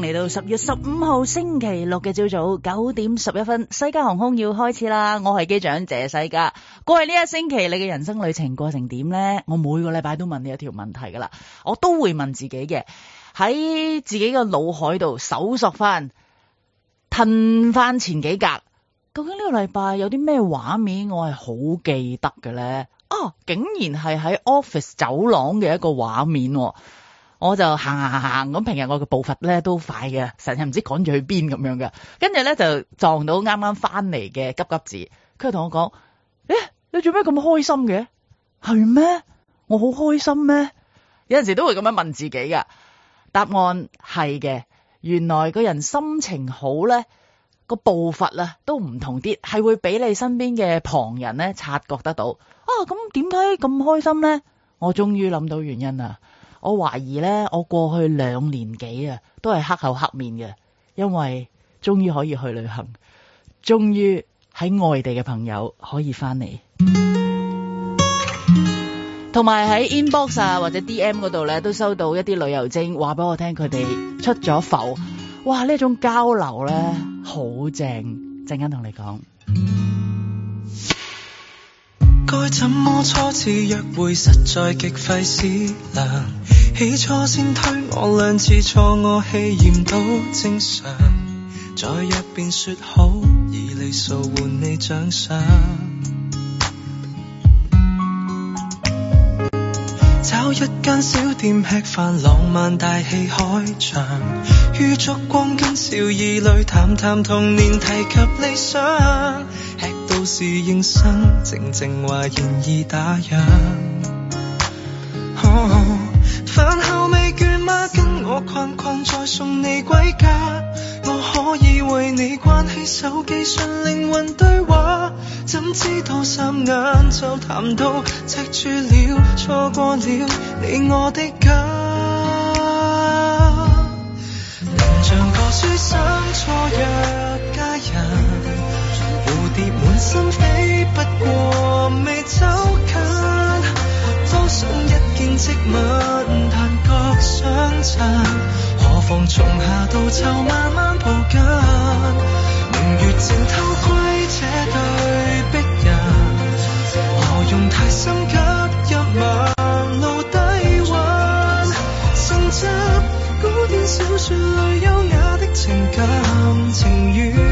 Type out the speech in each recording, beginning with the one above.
嚟到十月十五號星期六嘅朝早九點十一分，西加航空要開始啦。我係機長謝西加。各位呢一星期你嘅人生旅程過程點呢？我每個禮拜都問你一條問題噶啦，我都會問自己嘅，喺自己嘅腦海度搜索翻，褪翻前幾格，究竟呢個禮拜有啲咩畫面我係好記得嘅呢？啊，竟然係喺 office 走廊嘅一個畫面。我就行行行行咁，平日我嘅步伐咧都快嘅，成日唔知趕住去邊咁樣嘅。跟住咧就撞到啱啱翻嚟嘅急急子，佢就同我講：誒，你做咩咁開心嘅？係咩？我好開心咩？有陣時都會咁樣問自己㗎。答案係嘅，原來個人心情好咧，個步伐啊都唔同啲，係會俾你身邊嘅旁人咧察覺得到。啊，咁點解咁開心咧？我終於諗到原因啦。我懷疑咧，我過去兩年幾啊，都係黑口黑面嘅，因為終於可以去旅行，終於喺外地嘅朋友可以翻嚟，同埋喺 inbox 啊或者 DM 嗰度咧，都收到一啲旅遊精話俾我聽，佢哋出咗埠，哇！呢種交流咧好正，陣間同你講。該怎麼初次約會實在極費思量，起初先推我兩次挫我氣焰都正常，再約便說好以禮數換你獎賞。找一間小店吃飯浪漫大氣開場，於燭光跟笑意裏談談童年提及理想。都是應聲，靜靜話言，言意打烊。飯後未倦嗎？跟我逛逛再送你歸家。我可以為你關起手機，純靈魂對話。怎知道霎眼就談到，赤柱了，錯過了你我的家。心飛不過未走近，多想一見即吻，但覺相襯。何妨從夏到秋慢慢抱緊，明月正偷窺這對璧人。何用太心急路，一晚露底蘊。承襲古典小說裡優雅的情感情，情願。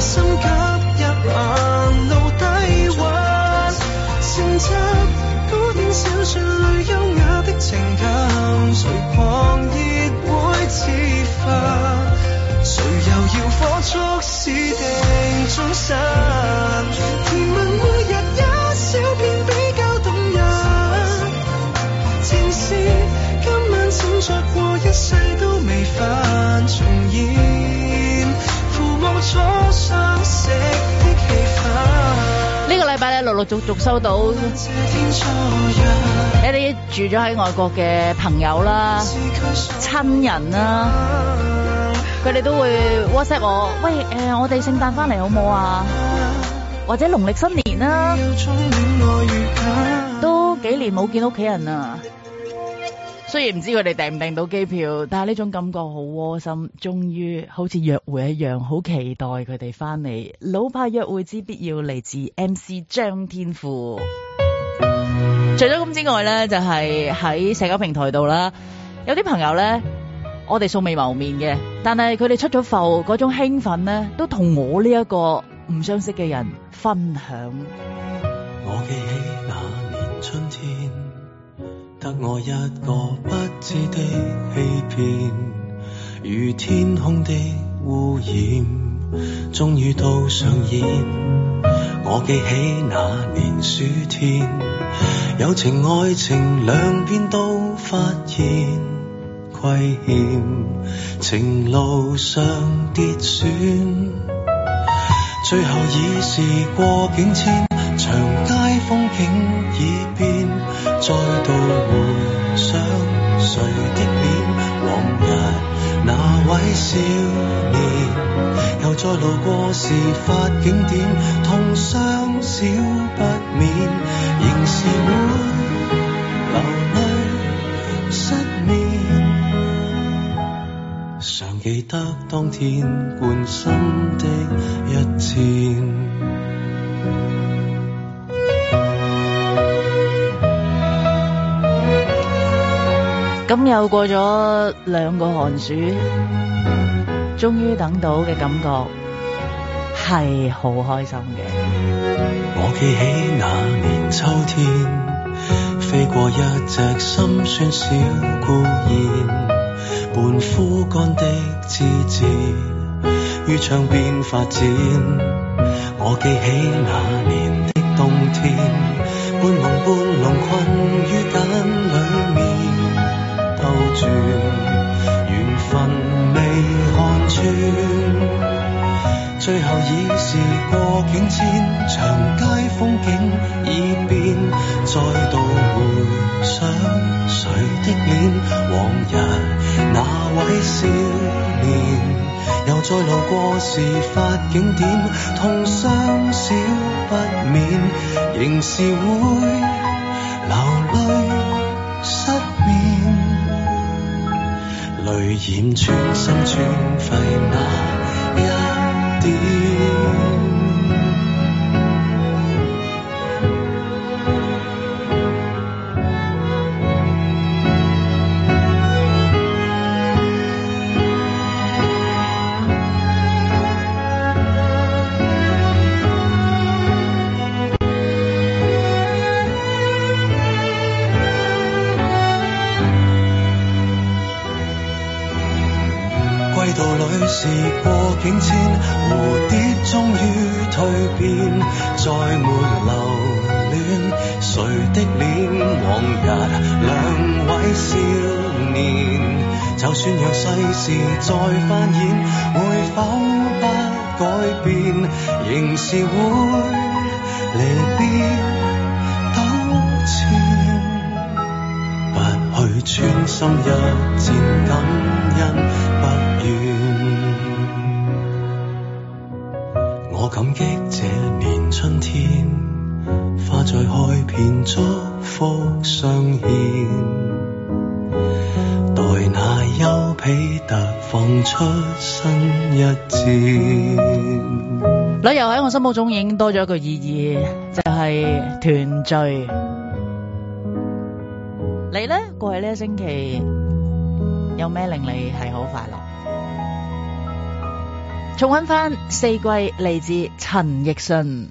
心急一晚露低溫，承襲古典小說裏優雅的情感，誰狂熱會自焚？誰又要火速私訂終身？我陸續收到你啲住咗喺外國嘅朋友啦、親人啦，佢哋都會 WhatsApp 我，喂，呃、我哋聖誕翻嚟好冇啊？或者農曆新年啦、啊，都幾年冇見屋企人啊。雖然唔知佢哋訂唔訂到機票，但係呢種感覺好窩心。終於好似約會一樣，好期待佢哋翻嚟。老派約會之必要嚟自 MC 張天賦。 除咗咁之外咧，就係、是、喺社交平台度啦。有啲朋友咧，我哋素未謀面嘅，但係佢哋出咗埠嗰種興奮咧，都同我呢一個唔相識嘅人分享。我嘅得我一個不知的欺騙，如天空的污染，終於都上演。我記起那年暑天，友情愛情兩邊都發現虧欠，情路上跌損，最後已事過境遷。長街風景已變，再度回想誰的臉，往日那位少年，又再路過事發景點，痛傷少不免，仍是會流淚失眠。常記得當天貫心的一箭。咁又過咗兩個寒暑，終於等到嘅感覺係好開心嘅。我記起那年秋天，飛過一隻心酸小孤燕，半枯乾的枝枝於窗邊發展。我記起那年的冬天，半夢半聾困於等。緣分未看穿，最後已是過境遷，長街風景已變，再度回想誰的臉，往日那位少年，又再路過事發景點，痛傷少不免，仍是會流淚。淚染穿心，穿肺那一點。事再翻演，會否不改變？仍是會離別，糾纏，不去穿心一箭，感恩不如。心目中已經多咗一個意義，就係、是、團聚。你咧，過去呢一星期有咩令你係好快樂？重溫翻《四季》嚟自陳奕迅。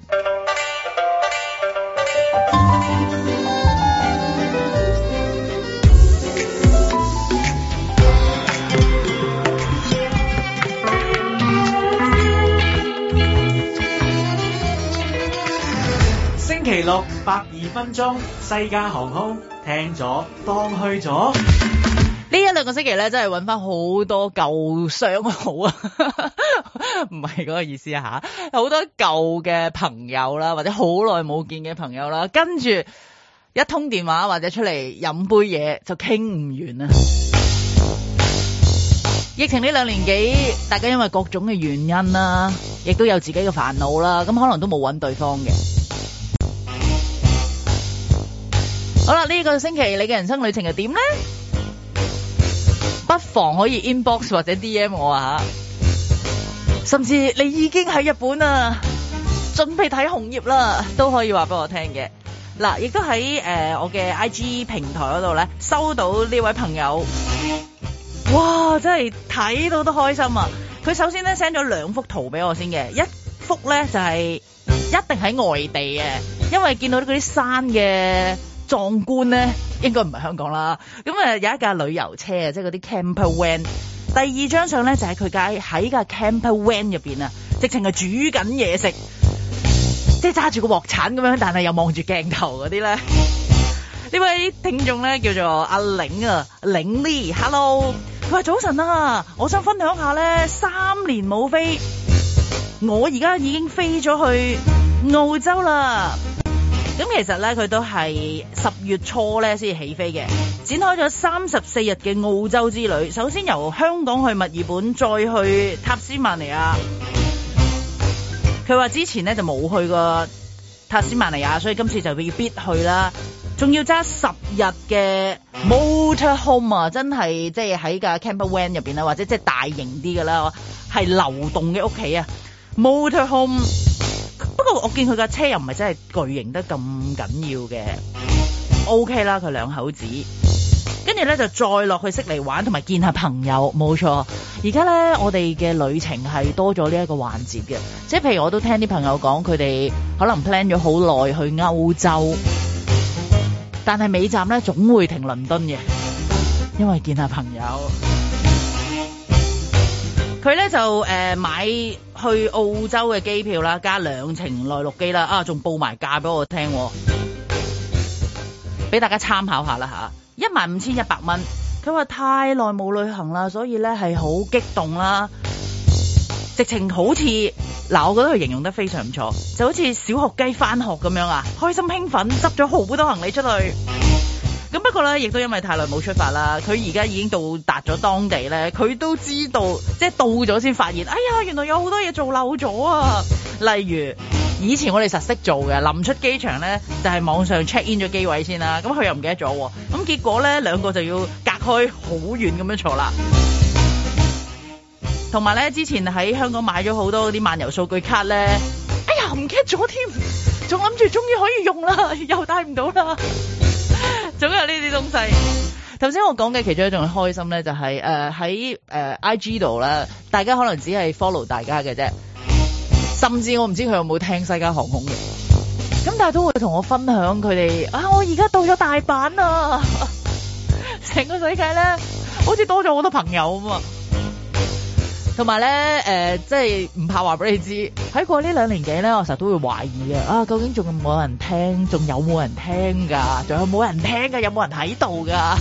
六百二分鐘，西加航空聽咗當去咗。呢一兩個星期咧，真係揾翻好多舊相好啊！唔係嗰個意思嚇、啊，好多舊嘅朋友啦，或者好耐冇見嘅朋友啦，跟住一通電話或者出嚟飲杯嘢就傾唔完啊！ 疫情呢兩年幾，大家因為各種嘅原因啦、啊，亦都有自己嘅煩惱啦，咁可能都冇揾對方嘅。好啦，呢個星期你嘅人生旅程又點咧？不妨可以 inbox 或者 DM 我啊，甚至你已經喺日本啊，準備睇紅葉啦，都可以話俾我聽嘅。嗱，亦都喺誒、呃、我嘅 IG 平台嗰度咧，收到呢位朋友，哇，真係睇到都開心啊！佢首先咧 send 咗兩幅圖俾我先嘅，一幅咧就係、是、一定喺外地嘅，因為見到嗰啲山嘅。壯觀咧，應該唔係香港啦。咁、嗯、啊，有一架旅遊車啊、就是 er 就是 er，即係嗰啲 campervan。第二張相咧就係佢架喺架 campervan 入邊啊，直情係煮緊嘢食，即係揸住個鑊鏟咁樣，但係又望住鏡頭嗰啲咧。呢位聽眾咧叫做阿玲啊，玲 Lee，Hello，佢話早晨啊，我想分享下咧，三年冇飛，我而家已經飛咗去，去澳洲啦。咁其實咧，佢都係十月初咧先起飛嘅，展開咗三十四日嘅澳洲之旅。首先由香港去墨爾本，再去塔斯曼尼亞。佢話之前咧就冇去過塔斯曼尼亞，所以今次就要必去啦。仲要揸十日嘅 motor home 啊！真係即係喺架 campervan 入邊啦，或者即係大型啲嘅啦，係流動嘅屋企啊，motor home。不過我見佢架車又唔係真係巨型得咁緊要嘅，OK 啦佢兩口子呢，跟住咧就再落去悉尼玩，同埋見下朋友，冇錯。而家咧我哋嘅旅程係多咗呢一個環節嘅，即係譬如我都聽啲朋友講，佢哋可能 plan 咗好耐去歐洲，但係尾站咧總會停倫敦嘅，因為見下朋友。佢咧就誒、呃、買。去澳洲嘅機票啦，加兩程內陸機啦，啊，仲報埋價俾我聽，俾、啊、大家參考下啦吓，一萬五千一百蚊。佢話太耐冇旅行啦，所以咧係好激動啦，直情好似嗱，我覺得佢形容得非常唔錯，就好似小學雞翻學咁樣啊，開心興奮，執咗好多行李出去。咁不過咧，亦都因為太耐冇出發啦，佢而家已經到達咗當地咧。佢都知道，即係到咗先發現，哎呀，原來有好多嘢做漏咗啊！例如以前我哋實識做嘅，臨出機場咧就係網上 check in 咗機位先啦。咁佢又唔記得咗，咁結果咧兩個就要隔開好遠咁樣坐啦。同埋咧，之前喺香港買咗好多啲漫遊數據卡咧，哎呀，唔記得咗添，仲諗住終於可以用啦，又帶唔到啦。總有呢啲東西。頭先我講嘅其中一種開心咧、就是，就係誒喺 IG 度咧，大家可能只係 follow 大家嘅啫，甚至我唔知佢有冇聽西加航空嘅，咁但係都會同我分享佢哋啊，我而家到咗大阪啊，成個世界咧好似多咗好多朋友啊嘛～同埋咧，誒、呃，即係唔怕話俾你知，喺過呢兩年幾咧，我成日都會懷疑嘅啊，究竟仲有冇人聽，仲有冇人聽㗎？仲有冇人聽㗎？有冇人喺度㗎？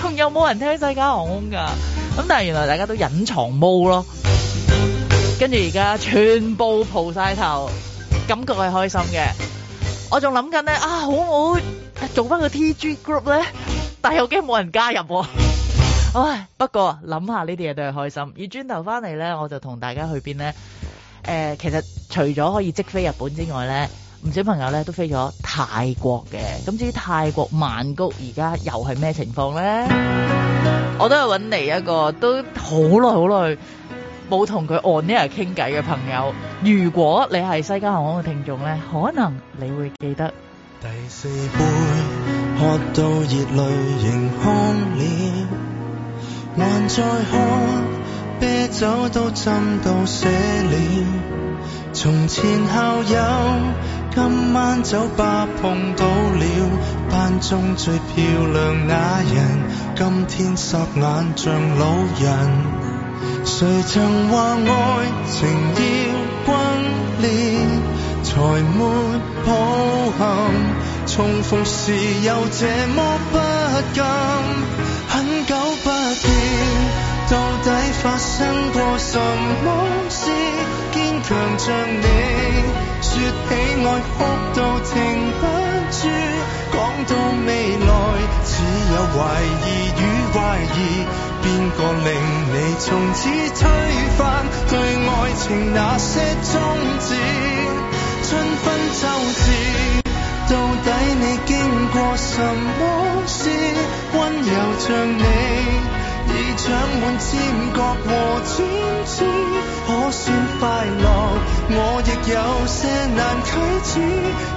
仲有冇人聽西加航空㗎？咁但係原來大家都隱藏冇咯，跟住而家全部蒲曬頭，感覺係開心嘅。我仲諗緊咧，啊，好唔好做翻個 TG Group 咧？但係又驚冇人加入。啊。唉，不過諗下呢啲嘢都係開心。而轉頭翻嚟咧，我就同大家去邊呢？誒、呃，其實除咗可以即飛日本之外咧，唔少朋友咧都飛咗泰國嘅。咁至於泰國曼谷而家又係咩情況咧？ 我都係搵嚟一個都好耐好耐冇同佢 online 傾偈嘅朋友。如果你係西加航空嘅聽眾咧，可能你會記得。第四杯喝到熱淚盈眶。 還在喝啤酒，都浸到，瀉了。從前校友，今晚酒吧碰到了。班中最漂亮那人，今天霎眼像老人。誰曾話愛情要轟烈，才沒抱憾。重逢時又這麼不甘。到底發生過什麼事？堅強像你，說起愛哭到停不住，講到未來只有懷疑與懷疑。邊個令你從此推翻對愛情那些宗旨？春分秋至。到底你經過什麼事？溫柔像你，已長滿尖角和尖刺，可算快樂？我亦有些難啟齒。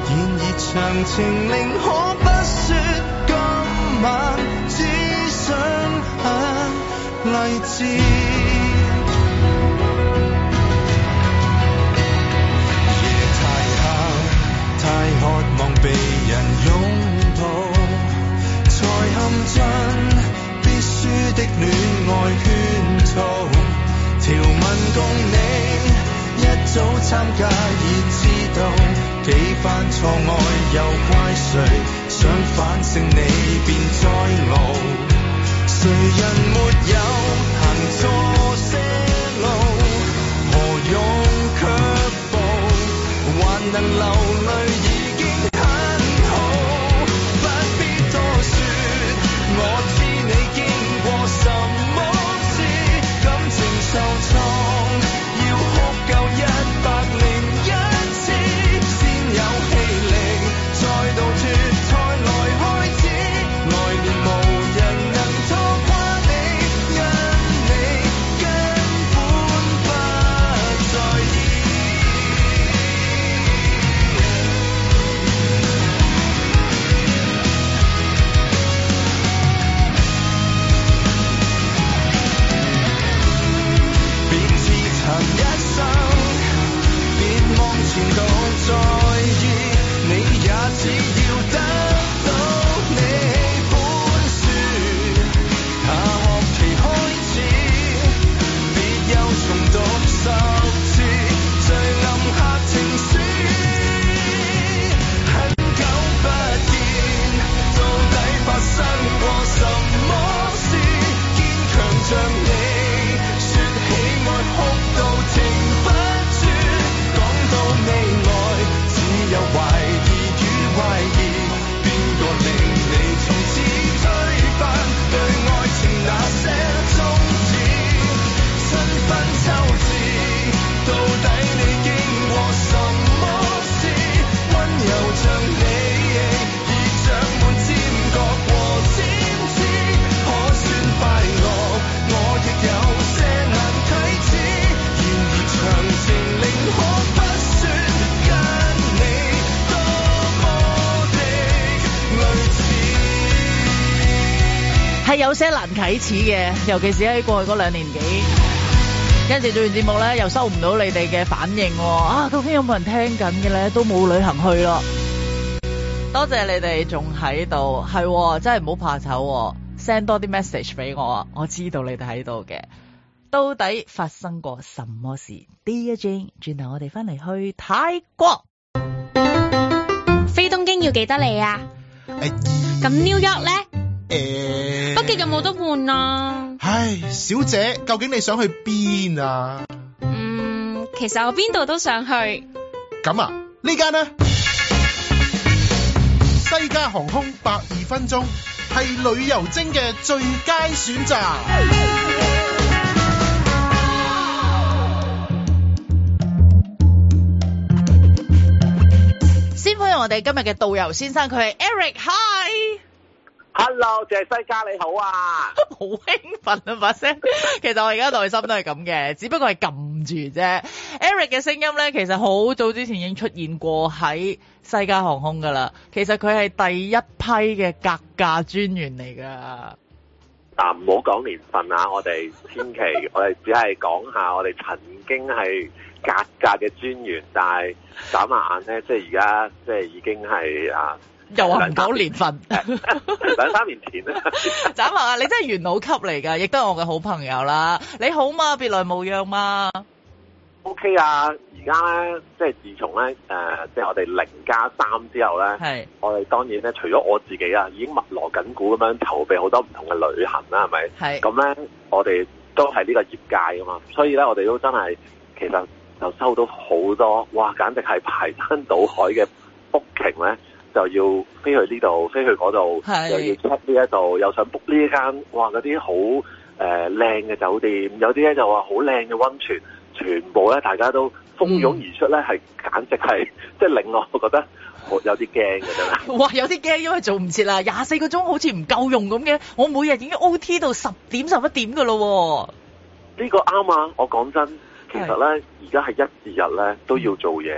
然而長情寧可不說，今晚只想很勵志。彼此嘅，尤其是喺過去嗰兩年幾，跟住做完節目咧，又收唔到你哋嘅反應，哦，啊，究竟有冇人聽緊嘅咧？都冇旅行去咯，多謝你哋仲喺度，係、哦、真係唔好怕醜，send 多啲 message 俾我，我知道你哋喺度嘅。到底發生過什麼事？DJ，轉頭我哋翻嚟去泰國，飛東京要幾得你啊？咁、哎、New York 咧？ 北京就冇得換啊。唉，小姐，究竟你想去邊啊？嗯，其實我邊度都想去。咁啊，呢間呢， 西加航空百二分鐘係旅遊精嘅最佳選擇。先歡迎我哋今日嘅導遊先生，佢係 Eric，Hi。Hello，謝西加你好啊，好 興奮啊把聲，其實我而家內心都係咁嘅，只不過係撳住啫。Eric 嘅聲音咧，其實好早之前已經出現過喺西加航空噶啦，其實佢係第一批嘅格價專員嚟噶。嗱、啊，唔好講年份啊，我哋千祈 我哋只係講下我哋曾經係格價嘅專員，但係眨下眼咧，即係而家即係已經係啊。又話唔到年份兩年， 兩三年前啊！展啊， 你真係元老級嚟㗎，亦都係我嘅好朋友啦。你好嘛，別來無恙嘛。OK 啊，而家咧，即係自從咧、呃，即係我哋零加三之後咧，是我哋當然咧，除咗我自己啊，已經密鑼緊鼓咁樣籌備好多唔同嘅旅行啦，係咪？係咁咧，我哋都係呢個業界㗎嘛，所以咧，我哋都真係其實就收到好多，哇！簡直係排山倒海嘅 booking 呢。咧～就要飛去呢度，飛去嗰度，是又要出呢一度，又想 book 呢間，哇！嗰啲好誒靚嘅酒店，有啲咧就話好靚嘅溫泉，全部咧大家都蜂擁而出咧，係、嗯、簡直係即係令我覺得好有啲驚嘅啫。哇！有啲驚，因為做唔切啦，廿四個鐘好似唔夠用咁嘅。我每日已經 O T 到十點十一點㗎咯喎。呢個啱啊！我講真。其實咧，而家係一至日咧都要做嘢，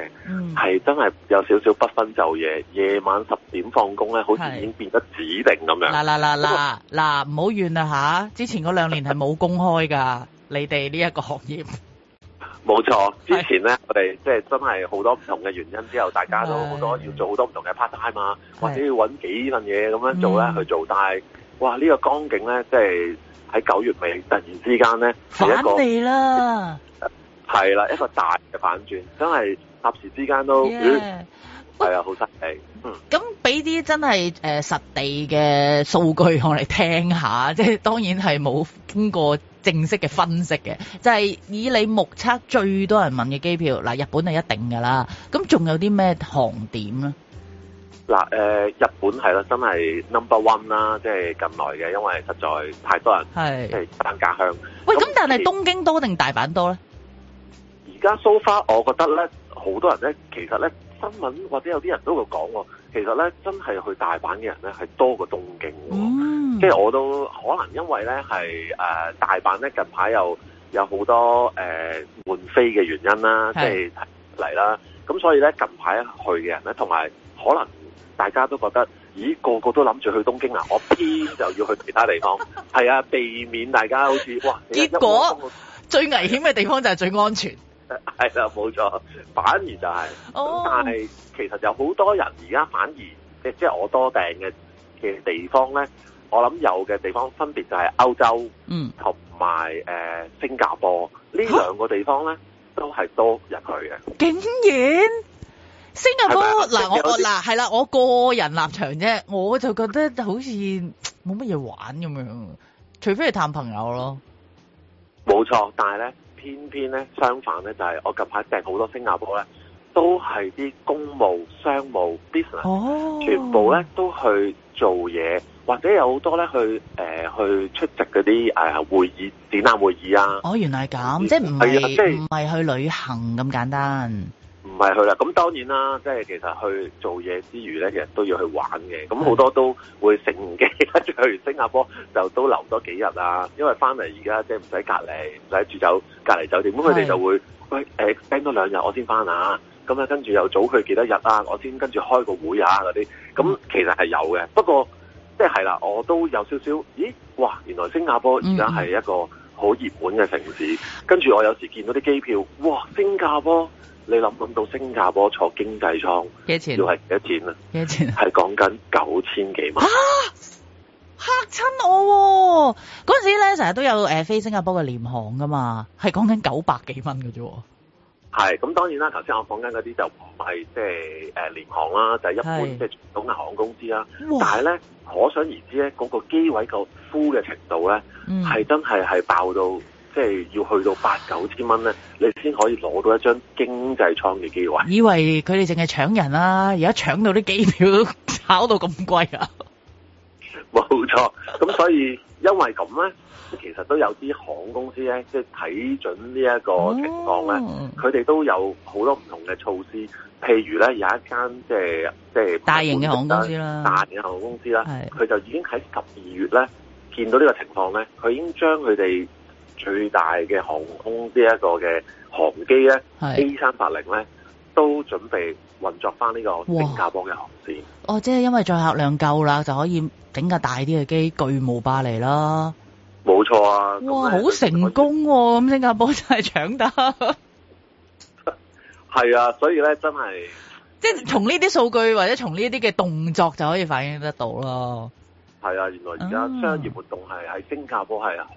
係、嗯、真係有少少不分晝夜。夜晚十點放工咧，好似已經變得指定咁樣。嗱嗱嗱嗱嗱，唔好怨啦吓！之前嗰兩年係冇公開噶， 你哋呢一個行業。冇錯，之前咧，是我哋即係真係好多唔同嘅原因，之後大家都好多要做好多唔同嘅 part time 啊，是或者要搵幾份嘢咁樣做咧、嗯、去做，但係哇呢、這個光景咧，即係喺九月尾突然之間咧，返嚟啦。係啦，一個大嘅反轉，真係霎時之間都係啊，好犀利。嗯，咁俾啲真係誒、呃、實地嘅數據我嚟聽下，即係當然係冇經過正式嘅分析嘅，就係、是、以你目測最多人問嘅機票，嗱，日本係一定噶啦。咁仲有啲咩航點咧？嗱，誒，日本係啦，真係 number one 啦，即係咁耐嘅，因為實在太多人，是即係返家鄉。喂，咁但係東京多定大阪多咧？而家、yeah, so far，我覺得咧，好多人咧，其實咧，新聞或者有啲人都會講喎，其實咧，真係去大阪嘅人咧，係多過東京。嗯、mm，即係我都可能因為咧係誒大阪咧近排又有好多誒換飛嘅原因啦，即係嚟啦，咁所以咧近排去嘅人咧，同埋可能大家都覺得，咦個個都諗住去東京啊，我偏就要去其他地方。係啊，避免大家好似、like, 哇，結果 的最危險嘅地方就係最安全。係啦，冇錯，反而就係、是，咁、oh. 但係其實有好多人而家反而即係即係我多訂嘅嘅地方咧，我諗有嘅地方分別就係歐洲，嗯，同埋誒新加坡呢兩個地方咧， 都係多人去嘅。竟然新加坡嗱吧我覺得嗱係啦，啦，我個人立場啫，我就覺得好似冇乜嘢玩咁樣，除非係探朋友咯。冇錯，但係咧。偏偏咧，相反咧，就係我近排訂好多新加坡咧，都係啲公務、商務 business，哦，全部咧都去做嘢，或者有好多咧去誒去出席嗰啲誒會議、展覽會議啊。哦，原來係咁，即係唔係即係唔係去旅行咁簡單。唔係去啦，咁當然啦，即係其實去做嘢之餘呢，其實都要去玩嘅。咁好多都會乘機去完新加坡，就都留多幾日啊。因為翻嚟而家即係唔使隔離，唔使住酒隔離酒店，咁佢哋就會喂誒、欸、多兩日我先翻啊。咁跟住又早去幾多日啊，我先跟住開個會啊。嗰啲。咁其實係有嘅，不過即係係啦，我都有少少，咦哇，原來新加坡而家係一個好熱門嘅城市。嗯、跟住我有時見到啲機票，哇，新加坡！你諗諗到新加坡坐經濟艙幾錢？都係幾多錢啊？幾多錢？係講緊九千幾蚊，嚇親我喎！嗰陣時咧，成日都有飛新加坡嘅廉航噶嘛，係講緊九百幾蚊嘅啫。係咁，當然啦，頭先我講緊嗰啲就唔係即係廉航啦，就係、是、一般即係傳統嘅航空公司啦。哇但係咧，可想而知咧，嗰、那個機位夠 full 嘅程度咧，係、嗯、真係係爆到。即係要去到八九千蚊咧，你先可以攞到一張經濟艙嘅機位。以為佢哋淨係搶人啦、啊，而家搶到啲機票都炒到咁貴啊！冇錯，咁所以因為咁咧，其實都有啲航空公司咧，即係睇準呢一個情況咧，佢哋、哦、都有好多唔同嘅措施。譬如咧，有一間即係即係大型嘅航空公司啦，大，大型嘅航空公司啦，佢是就已經喺十二月咧見到呢個情況咧，佢已經將佢哋。最大嘅航空呢一個嘅航機咧是，A 三八零咧都準備運作翻呢個新加坡嘅航線。哦，即係因為載客量夠啦，就可以整架大啲嘅機，巨無霸嚟啦。冇錯啊！哇，好成功喎、啊！咁以新加坡真係搶得。係 啊，所以咧真係，即係從呢啲數據或者從呢啲嘅動作就可以反映得到咯。係啊，原來而家商業活動係喺、oh. 新加坡係好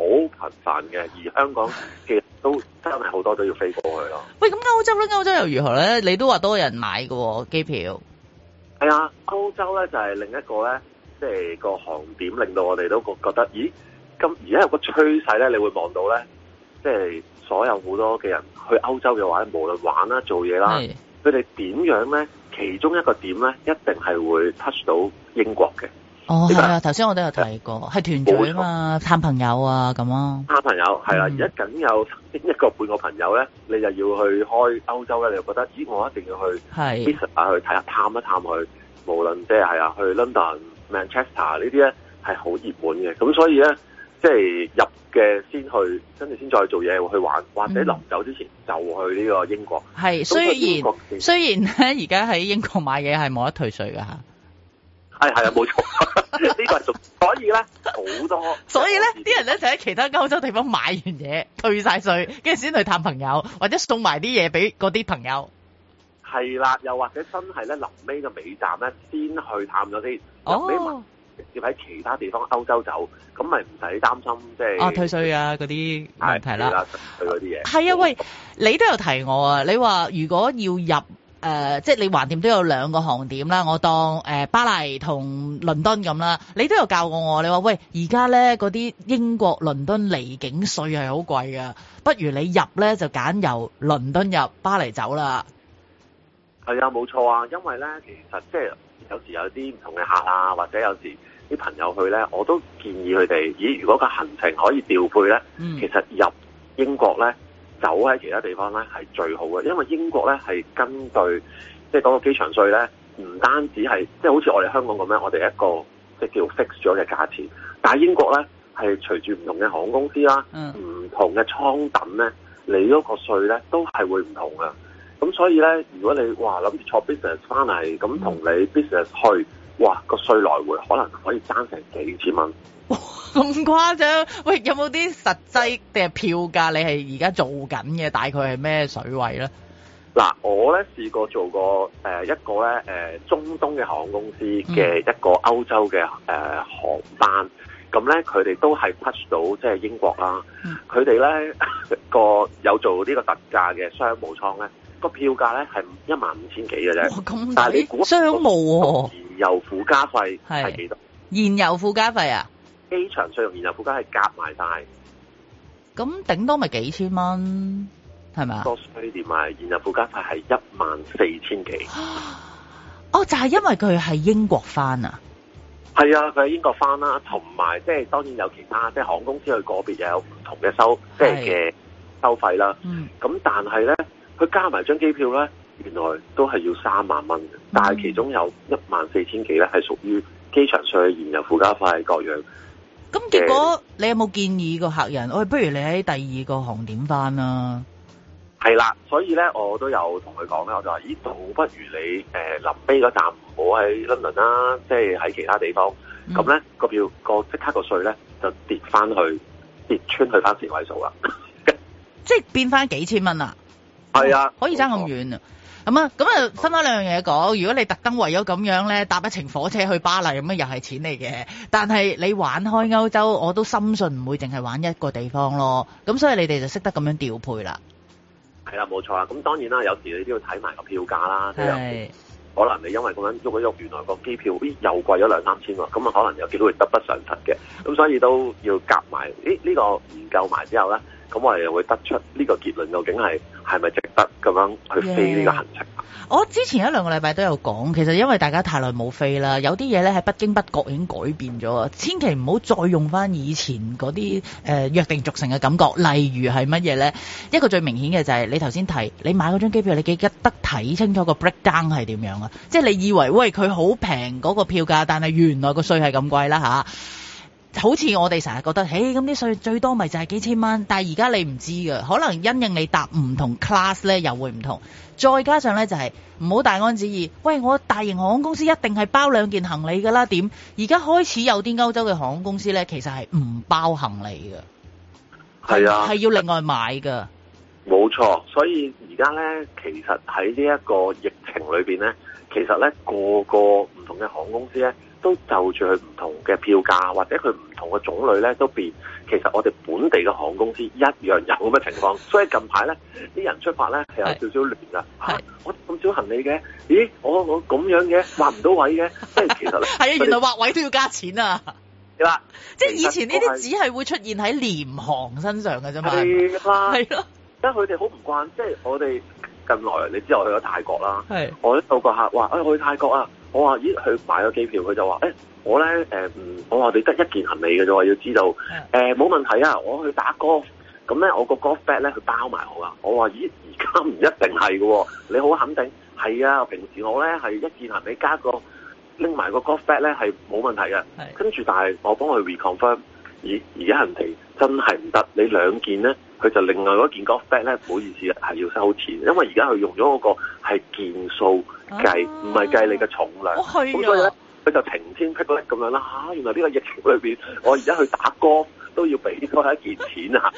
頻繁嘅，而香港其實都真係好多都要飛過去咯。喂，咁歐洲咧，歐洲又如何咧？你都話多人買嘅機、哦、票。係啊，歐洲咧就係、是、另一個咧，即係個航點，令到我哋都覺得，咦？咁而家有個趨勢咧，你會望到咧，即係所有好多嘅人去歐洲嘅話，無論玩啦、做嘢啦，佢哋點樣咧？其中一個點咧，一定係會 touch 到英國嘅。哦，係啊！頭先我都有提過，係、啊、團聚啊嘛，錯探朋友啊咁啊。探朋友係啦，而家、啊嗯、僅有一個半個朋友咧，你就要去開歐洲咧，你就覺得咦，我一定要去。係是。去睇下探一探佢，無論即係係啊，去 London、Manchester 呢啲咧係好熱門嘅。咁所以咧，即係入嘅先去，跟住先再做嘢去玩，嗯、或者臨走之前就去呢個英國。係是，雖然先雖然咧，而家喺英國買嘢係冇得退稅㗎。係係啊，冇、 哎、錯，呢個係屬，所以咧好 多，所以咧啲人咧呢就喺其他歐洲地方買完嘢退晒稅，跟住先去探朋友， 或者送埋啲嘢俾嗰啲朋友。係啦，又或者真係咧臨尾嘅尾站咧，先去探咗啲。哦，要喺其他地方歐洲走，咁咪唔使擔心即係哦退稅啊嗰啲係係啦，退嗰啲嘢係啊，喂，你都有提我啊，你話如果要入。誒、呃，即係你橫掂都有兩個航點啦，我當誒、呃、巴黎同倫敦咁啦。你都有教過我，你話喂，而家呢嗰啲英國倫敦離境稅係好貴㗎，不如你入呢就揀由倫敦入巴黎走啦。係啊，冇錯啊，因為呢其實即係有時有啲唔同嘅客啊，或者有時啲朋友去呢，我都建議佢哋，咦？如果個行程可以調配呢，嗯、其實入英國呢。」走喺其他地方咧係最好嘅，因為英國咧係根據即係講個機場稅咧，唔單止係即係好似我哋香港咁樣，我哋一個即係、就是、叫 fix 咗嘅價錢，但英國咧係隨住唔同嘅航空公司啦，唔、mm. 同嘅艙等咧，你嗰個稅咧都係會唔同㗎。咁所以咧，如果你話諗住坐 business 翻嚟，咁同你 business 去。哇，個稅來回可能可以爭成幾千蚊。咁誇張？喂，有冇啲實際嘅票價你的？你係而家做緊嘅大概係咩水位咧？嗱，我咧試過做過一個咧中東嘅航空公司嘅一個歐洲嘅航班。咁咧佢哋都係 push 到即係英國啦。佢哋咧個有做呢個特價嘅商務艙咧。個票價咧係一萬五千幾嘅啫，但係你估商務，啊、燃油附加費係幾多？燃油附加費啊，機場稅用燃油附加費夾埋晒，咁頂多咪幾千蚊係咪啊？多衰啲埋，燃油附加費係一萬四千幾。哦，就係、是、因為佢係英國返啊？係啊，佢喺英國返啦，同埋即係當然有其他即係航空公司去嗰邊又有唔同嘅收是即係嘅收費啦。咁、嗯、但係咧。佢加埋張機票咧，原來都係要三萬蚊嘅，但係其中有一萬四千幾咧，係屬於機場稅、燃油附加費各樣。咁、嗯嗯、結果、欸、你有冇建議個客人？我、哎、不如你喺第二個航點翻啦。係啦，所以咧我都有同佢講咧，我就話：咦，倒不如你誒、呃、臨飛嗰站唔好喺倫敦啦、啊，即係喺其他地方。咁咧、嗯、個票個即刻個稅咧就跌翻去跌穿去翻四位數啦， 即係變翻幾千蚊啦。係啊、嗯，可以爭咁遠啊，咁啊錯，咁啊、嗯，分開兩樣嘢講。如果你特登為咗咁樣咧，搭一程火車去巴黎咁啊，又、嗯、係錢嚟嘅。但係你玩開歐洲，我都深信唔會淨係玩一個地方咯。咁所以你哋就識得咁樣調配啦。係啦、啊，冇錯啦，咁當然啦、啊，有時你都要睇埋個票價啦。係是。可能你因為咁樣喐一喐，原來個機票又貴咗兩三千喎、啊，咁啊可能又見到得不償失嘅。咁所以都要夾埋呢呢個研究埋之後咧。咁我哋又會得出呢個結論，究竟係係咪值得咁樣去飛呢個行程？Yeah. 我之前一兩個禮拜都有講，其實因為大家太耐冇飛啦，有啲嘢咧喺不經不覺已經改變咗啊！千祈唔好再用翻以前嗰啲誒約定俗成嘅感覺，例如係乜嘢咧？一個最明顯嘅就係、是、你頭先睇你買嗰張機票，你記得睇清楚個 breakdown 係點樣啊？即係你以為喂佢好平嗰個票價，但係原來個稅係咁貴啦、啊好似我哋成日覺得，誒、哎，咁啲稅最多咪就係幾千蚊，但係而家你唔知噶，可能因應你搭唔同 class 咧，又會唔同。再加上咧、就是，就係唔好大安旨意。喂，我大型航空公司一定係包兩件行李噶啦，點？而家開始有啲歐洲嘅航空公司咧，其實係唔包行李㗎。係啊，係要另外買噶。冇錯，所以而家咧，其實喺呢一個疫情裏邊咧，其實咧個個唔同嘅航空公司咧。都就住佢唔同嘅票價，或者佢唔同嘅種類咧，都變。其實我哋本地嘅航空公司一樣有咁嘅情況。所以近排咧，啲人出發咧係有少少亂噶。係是、啊，我咁少行李嘅，咦？我我咁樣嘅，劃唔到位嘅。即係其實咧係啊， 的們原來劃位都要加錢啊。啦，即係以前呢啲只係會出現喺廉航身上嘅啫嘛。係啦，係咯，即係佢哋好唔慣。即係我哋近來，你知我去咗泰國啦。係的，我一到個客話：，啊、哎，我去泰國啊。我話咦，佢買咗機票，佢就話，誒，我咧，誒、呃，唔，我話你得一件行李嘅啫，要知道，誒，冇問題啊，我去打 golf，咁咧，我個 golf bag 咧，佢包埋我噶。我話咦，而家唔一定係喎。哦。你好肯定係啊。平時我咧係一件行李加個拎埋個 golf bag 咧，係冇問題嘅。跟住的，但係我幫佢 reconfirm，而而家人哋真係唔得，你兩件咧。佢就另外嗰件嗰個 fit 咧，唔好意思咧，係要收錢，因為而家佢用咗嗰個係件數計，唔係、啊、計你嘅重量。係、哦、啊！咁所以咧，佢就晴天霹靂咁樣啦。嚇，原來呢個疫情裏邊，我而家去打歌 都要俾多係一件錢啊！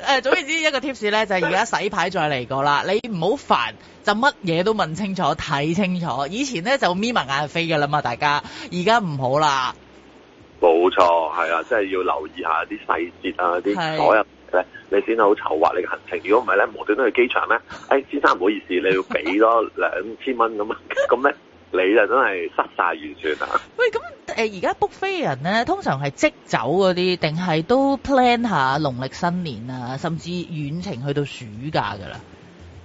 誒、 呃，總言之，一個 tips 咧就係而家洗牌再嚟過啦， 你唔好煩，就乜嘢都問清楚、睇清楚。以前咧就咪埋眼飛㗎啦嘛，大家而家唔好啦。冇錯，係啊，即係要留意下啲細節啊，啲是所有咧，你先好籌劃你嘅行程。如果唔係咧，無端端去機場呢。哎，先生唔好意思，你要俾多兩千蚊咁啊，咁咧 你就真係失晒預算啊！喂，咁誒，而家 book 飛人咧，通常係即走嗰啲，定係都 plan 下農曆新年啊，甚至遠程去到暑假噶啦。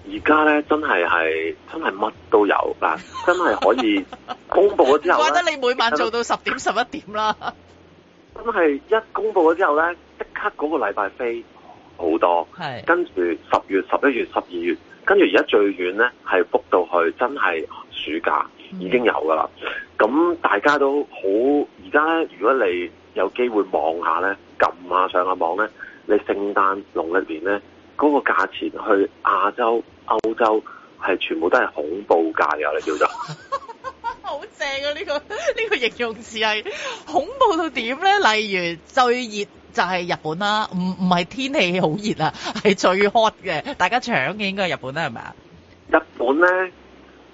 而家咧真係係真係乜都有嗱， 真係可以公布咗之後，我怪得你每晚做到十點十一點啦。 真係一公布咗之後咧，即刻嗰個禮拜飛好多，係是跟住十月、十一月、十二月，跟住而家最遠咧係 book 到去真係暑假已經有噶啦。咁、嗯、大家都好，而家咧如果你有機會望下咧，撳下上下網咧，你聖誕農曆年咧嗰，那個價錢去亞洲。歐洲係全部都係恐怖價嘅，我哋叫做 好正啊！呢、這個呢、這個形容詞係恐怖到點咧？例如最熱就係日本啦、啊，唔唔係天氣好熱啊，係最 hot 嘅，大家搶嘅應該係日本啦，係咪啊？日本咧，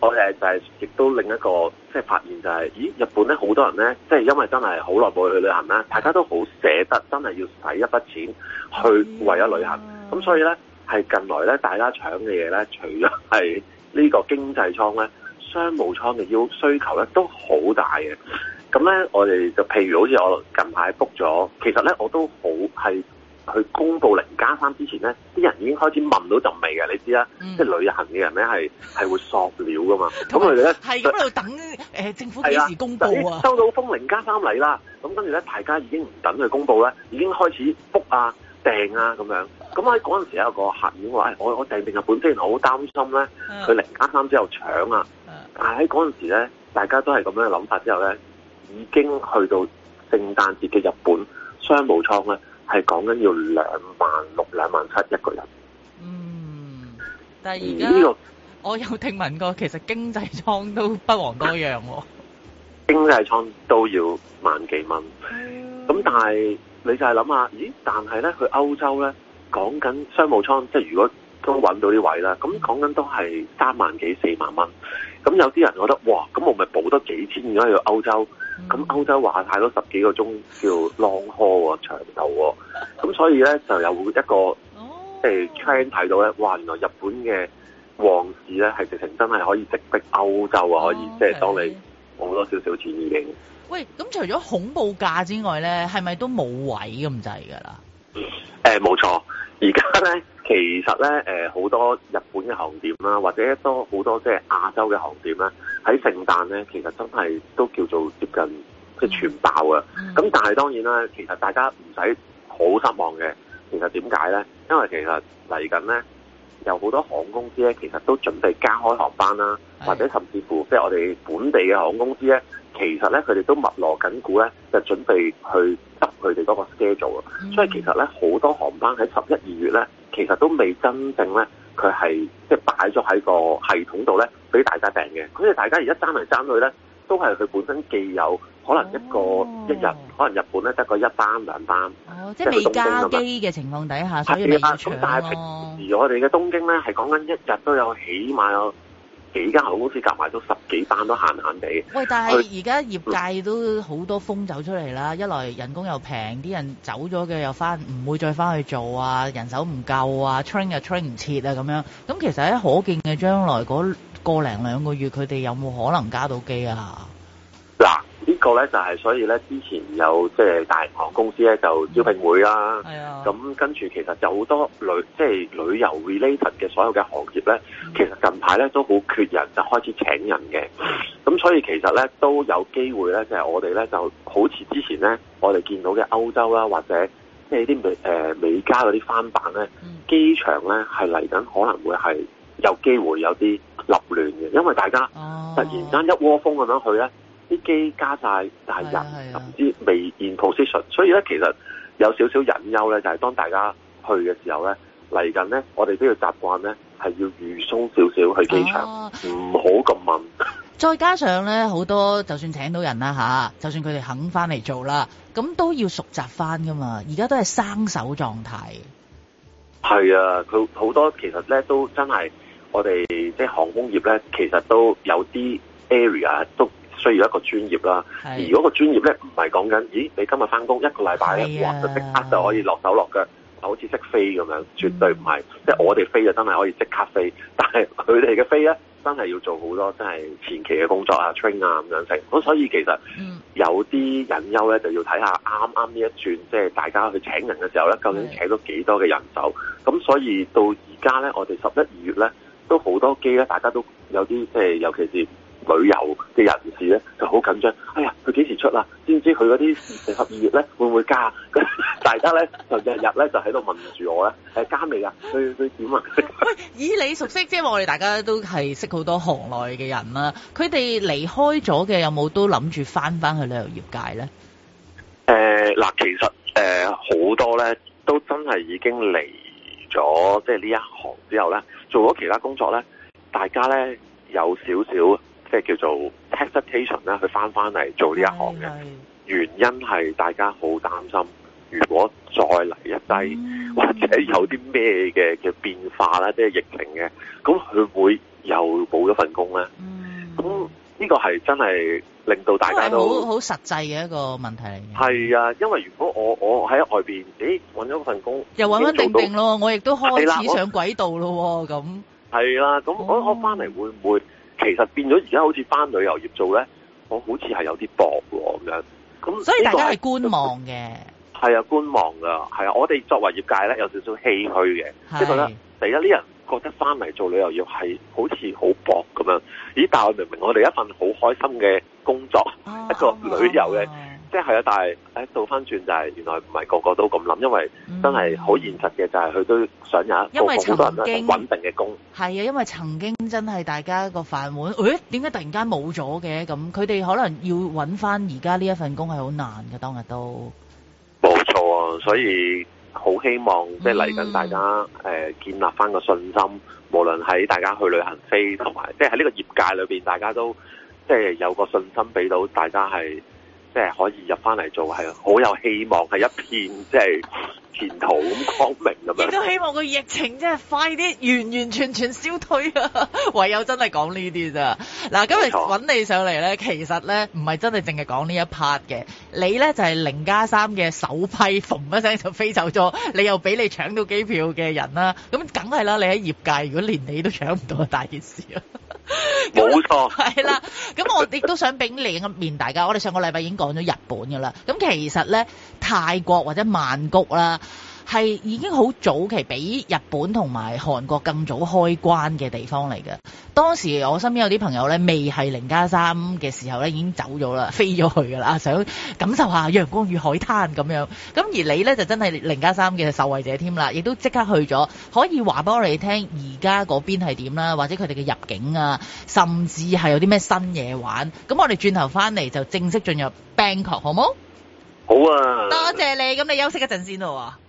我誒就係、是、亦都另一個即係、就是、發現就係、是，咦？日本咧好多人咧，即、就、係、是、因為真係好耐冇去旅行啦，大家都好捨得，真係要使一筆錢去為咗旅行，咁 所以咧。係近來咧，大家搶嘅嘢咧，除咗係呢個經濟倉咧，商務倉嘅要需求咧都好大嘅。咁咧，我哋就譬如好似我近排 book 咗，其實咧我都好係去公布零加三之前咧，啲人已經開始聞到陣味嘅。你知啦，嗯、即係旅行嘅人咧係係會索料噶嘛。咁佢哋咧係喺度等誒、呃、政府幾時公布呢、啊、收到風零加三嚟啦。咁跟住咧，大家已經唔等佢公布咧，已經開始 book 呀、啊、訂呀啊、訂啊咁樣。咁喺嗰陣時有個客人話，哎，我我訂定日本飛，我好擔心呢，佢零加三之後搶啊！但喺嗰陣時呢，大家都係咁樣嘅諗法之後呢，已經去到聖誕節嘅日本商務艙呢係講緊要兩萬六、兩萬七一個人。嗯，但而家、嗯、我有聽聞過，其實經濟艙都不遑多讓喎、哦。經濟艙都要萬幾蚊，咁、啊、但係你就係諗下，咦？但係呢，去歐洲呢。講緊商務艙，即係如果都揾到啲位啦，咁講緊都係三萬幾四萬蚊。咁有啲人覺得哇，咁我咪補多幾千咗去到歐洲，咁、嗯、歐洲話太多十幾個鐘叫 long haul 喎，嗯、長途喎。咁所以咧就有一個即係、哦欸、trend 睇到咧，哇！原來日本嘅旺市咧係直情真係可以直逼歐洲啊，哦、可以即係 okay. 當你補多少少錢已經。喂，咁除咗恐怖價之外咧，係咪都冇位咁滯㗎啦？誒，冇錯，呃，而家咧，其實咧，誒、呃，好多日本嘅航點啦，啊，或者很多好多即係亞洲嘅航點啦，啊，喺聖誕咧，其實真係都叫做接近即係全爆啊。咁、mm hmm. 但係當然啦，其實大家唔使好失望嘅。其實點解咧？因為其實嚟緊咧，有好多航空公司咧，其實都準備加開航班啦，mm hmm. 或者甚至乎即係、就是、我哋本地嘅航空公司咧。其實咧，佢哋都密鑼緊鼓咧，就準備去執佢哋嗰個 schedule 啊！嗯、所以其實咧，好多航班喺十一二月咧，其實都未真正咧，佢係即係擺咗喺個系統度咧，俾大家訂嘅。所以大家而家爭嚟爭去咧，都係佢本身既有可能一個一日，哦、可能日本咧得個一班兩班，哦、即係去東京啊嘛。咁但係平時我哋嘅東京咧，係講緊一日都有起碼有。幾間航空公司夾埋都十幾單都閒閒地。喂，但係而家業界都好多風走出嚟啦，嗯、一來人工又平，啲人走咗嘅又返，唔會再返去做啊，人手唔夠啊，train 又 train 唔切啊，咁、啊、樣。咁其實喺可見嘅將來嗰零、那個、兩個月，佢哋有冇可能加到機啊？嗱，呢個咧就係所以咧，之前有即係大銀行公司咧就招聘會啦，咁、嗯、跟住其實有好多旅即係、就是、旅遊 related 嘅所有嘅行業咧，嗯、其實近排咧都好缺人，就開始請人嘅，咁所以其實咧都有機會咧，即係我哋咧就好似之前咧，我哋見到嘅歐洲啦，或者即係啲美、呃、美加嗰啲翻版咧，機、嗯、場咧係嚟緊，可能會係有機會有啲立亂嘅，因為大家突然間一窩蜂咁樣去咧。啲機加晒，但係人唔、啊啊、知未現 position，所以咧其實有少少隱憂咧，就係、是、當大家去嘅時候咧，嚟緊咧，我哋都要習慣咧，係要預鬆少少去機場，唔好咁緊。問再加上咧，好多就算請到人啦吓、啊，就算佢哋肯翻嚟做啦，咁都要熟習翻㗎嘛，而家都係生手狀態。係啊，佢好多其實咧都真係我哋即係航空業咧，其實都有啲 area 都。需要一個專業啦，而嗰個專業咧唔係講緊，咦？你今日翻工一個禮拜咧，是啊、哇！就即刻就可以落手落腳，好似識飛咁樣，絕對唔係。嗯、即係我哋飛就真係可以即刻飛，但係佢哋嘅飛咧，真係要做好多真係前期嘅工作啊，train 啊咁樣成。咁所以其實有啲隱憂咧，就要睇下啱啱呢一轉，即係大家去請人嘅時候咧，究竟請到幾多嘅人手？咁是的 所以到而家咧，我哋十一二月咧都好多機咧，大家都有啲即係，尤其是，旅遊嘅人士咧就好緊張，哎呀，佢幾時出啦？知唔知佢嗰啲成十二月咧會唔會加？咁 大家咧呢 就日日咧就喺度問住我咧。誒加未㗎？佢佢點啊？喂，你啊、 以你熟悉，即係我哋大家都係識好多行內嘅人啦。佢哋離開咗嘅有冇都諗住翻翻去旅遊業界咧？嗱、呃，其實好、呃、多咧都真係已經離咗，即係呢一行之後咧做咗其他工作咧。大家咧有少少。即係叫做 taxation 咧，佢翻翻嚟做呢一行嘅是是 原因係大家好擔心，如果再嚟一低，嗯、或者有啲咩嘅嘅變化啦，即係疫情嘅，咁佢會,會又冇咗份工咧。咁呢、嗯、個係真係令到大家都好實際嘅一個問題嚟。係啊，因為如果我我喺外邊，咦揾咗份工，又穩穩定定咯，我亦都開始上軌道咯。咁係啦，咁我樣我翻嚟會唔會？其實變咗而家好似翻旅遊業做呢，我好似係有啲薄喎咁樣。咁、嗯、所以大家係觀望嘅。係啊，觀望㗎。係啊，我哋作為業界呢，有少少唏噓嘅，即係呢第一啲人覺得翻嚟做旅遊業係好似好薄咁樣。咦？但係明明我哋一份好開心嘅工作，啊、一個旅遊嘅。啊啊啊啊啊即係啊！但係誒，倒翻轉就係、是、原來唔係個個都咁諗，因為、嗯、真係好現實嘅，就係、是、佢都想有一個好穩定嘅工。係啊，因為曾經真係大家個飯碗，誒點解突然間冇咗嘅？咁佢哋可能要搵翻而家呢一份工係好難㗎。當日都冇錯啊！所以好希望即係嚟緊，就是、大家誒、呃、建立翻個信心，嗯、無論喺大家去旅行飛，同埋即係喺呢個業界裏面，大家都即係、就是、有個信心俾到大家係。即係可以入翻嚟做，係好有希望，係一片即係、就是、前途咁光明咁樣。亦都希望個疫情即係快啲完完全全消退啊！唯有真係講呢啲咋。嗱，今日揾你上嚟咧，其實咧唔係真係淨係講呢一 part 嘅。你咧就係零加三嘅首批，逢一聲就飛走咗。你又俾你搶到機票嘅人啦、啊，咁梗係啦。你喺業界，如果連你都搶唔到大、啊，大件事啦。冇錯，係啦 錯。咁 我亦都想俾你另一面大家。我哋上個禮拜已經講咗日本㗎啦。咁其實咧，泰國或者曼谷啦。係已經好早期比日本同埋韓國更早開關嘅地方嚟嘅。當時我身邊有啲朋友咧，未係零加三嘅時候咧，已經走咗啦，飛咗去㗎啦，想感受下陽光與海灘咁樣。咁而你呢，就真係零加三嘅受惠者添啦，亦都即刻去咗。可以話俾我哋聽，而家嗰邊係點啦？或者佢哋嘅入境啊，甚至係有啲咩新嘢玩？咁我哋轉頭翻嚟就正式進入 Bangkok，好冇？好啊。多謝你，咁你休息一陣先好喎。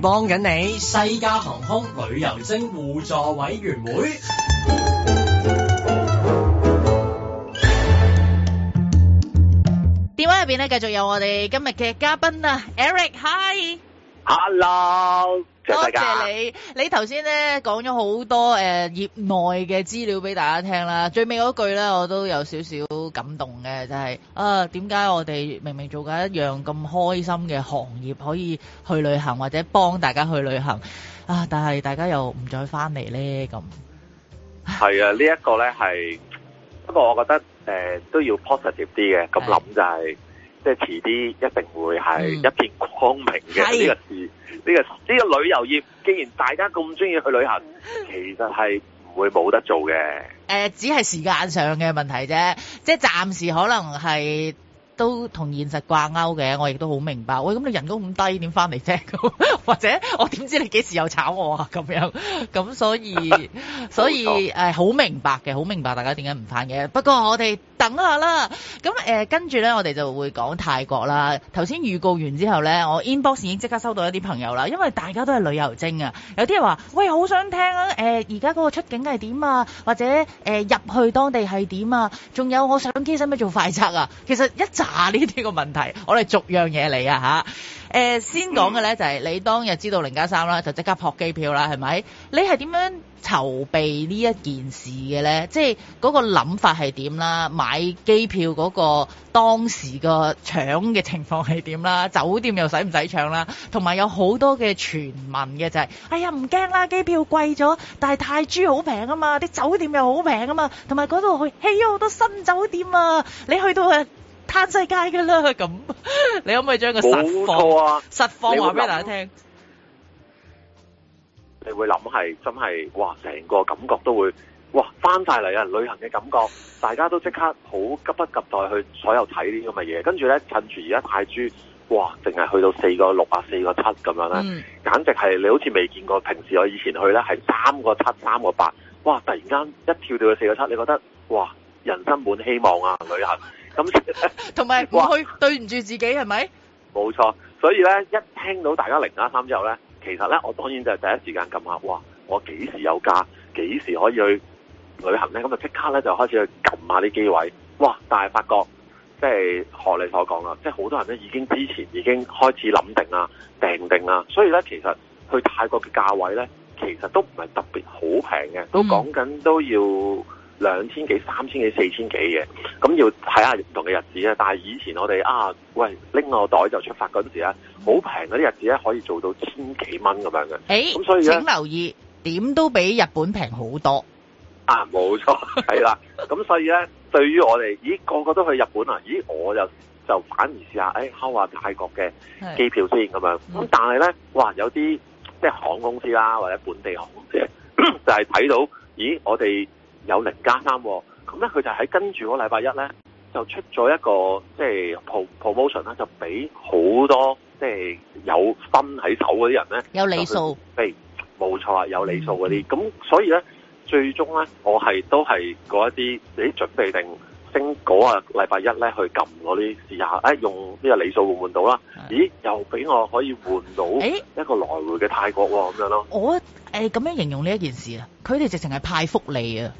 幫緊你，西加航空旅遊精互助委員會電話入邊咧，繼續有我哋今日嘅嘉賓啊，Eric，Hi，Hello。Eric, Hi Hello. 多謝你，你頭先咧講咗好多誒，業內嘅資料俾大家聽啦。最尾嗰句咧，我都有少少感動嘅，就係啊，點解我哋明明做緊一樣咁開心嘅行業，可以去旅行或者幫大家去旅行啊，但係大家又唔再翻嚟咧？咁係啊，呢一個咧係，不過我覺得誒都要 positive 啲嘅，咁諗就係。即係遲啲一定會係一片光明嘅呢、嗯這個事，呢的、這個呢、這個旅遊業。既然大家咁中意去旅行，其實係唔會冇得做嘅。誒、呃，只係時間上嘅問題啫，即係暫時可能係。都同現實掛鈎嘅，我亦都好明白。喂，咁你人工咁低點翻嚟啫？ 或者我點知你幾時又炒我啊？咁樣咁所以 所以誒好、 呃、明白嘅，好明白大家點解唔翻嘅。不過我哋等下啦，咁誒跟住咧，我哋就會講泰國啦。頭先預告完之後咧，我 inbox 已經即刻收到一啲朋友啦，因為大家都係旅遊精啊。有啲人話：喂，好想聽誒而家嗰個出境係點啊？或者誒入、呃、去當地係點啊？仲有我上機使咩做快測啊？其實一集。啊！呢啲個問題，我哋逐樣嘢嚟啊嚇。誒，先講嘅呢就係、是、你當日知道零加三啦，就即刻撲機票啦，係咪？你係點樣籌備呢一件事嘅呢？即係嗰個諗法係點啦？買機票嗰個當時個搶嘅情況係點啦？酒店又使唔使搶啦？同埋有好多嘅傳聞嘅就係、是：哎呀，唔驚啦，機票貴咗，但係泰銖好平啊嘛，啲酒店又好平啊嘛，同埋嗰度去起咗好多新酒店啊！你去到嘆世界噶啦咁，你可唔可以將個實況，冇錯啊，實況話俾大家聽？你會諗係，真係哇，成個感覺都會哇，翻晒嚟啊！旅行嘅感覺，大家都即刻好急不及待去所有睇啲咁嘅嘢。跟住咧趁住而家泰銖，哇，淨係去到四個六啊，四個七咁樣咧，簡直係你好似未見過。平時我以前去咧係三個七，三個八，哇！突然間一跳到去四個七，你覺得哇，人生滿希望啊！旅行。咁同埋唔去哇對唔住自己係咪？冇錯，所以呢，一聽到大家零加三之後呢，其實呢，我當然就第一時間撳下，哇！我幾時有假，幾時可以去旅行呢？咁就即刻呢，就開始去撳下啲機位，哇！但係發覺即係學你所講啦，即係好多人呢已經之前已經開始諗定啦、訂定啦，所以呢，其實去泰國嘅價位呢，其實都唔係特別好平嘅，嗯、都講緊都要。兩千幾、三千幾、四千幾嘅，咁要睇下唔同嘅日子啊！但係以前我哋啊，喂拎個袋就出發嗰陣時啊，好平嗰啲日子咧，可以做到千幾蚊咁樣嘅。咁、哎嗯、所以咧，請留意點都比日本平好多啊！冇錯，係啦。咁 所以咧，對於我哋，咦，個個都去日本啊？咦，我就就反而試下，誒、哎，考下泰國嘅機票先咁樣。咁、嗯、但係咧，哇，有啲即係航空公司啦，或者本地航空公司，就係、是、睇到，咦，我哋。有零加三，哦，咁咧佢就喺跟住嗰個禮拜一咧，就出咗一個即係 promotion 啦，就俾好多即係有分喺手嗰啲人咧，有理數，誒冇錯啊，有理數嗰啲，咁所以咧，最終咧，我係都係嗰一啲你準備定升嗰禮拜一咧去撳嗰啲試下，哎、用呢個理數換換到啦，的咦又俾我可以換到誒，誒一個來回嘅泰國喎，哦，咁樣咯，哦，我誒咁，呃，樣形容呢一件事啊，佢哋直情係派福利啊！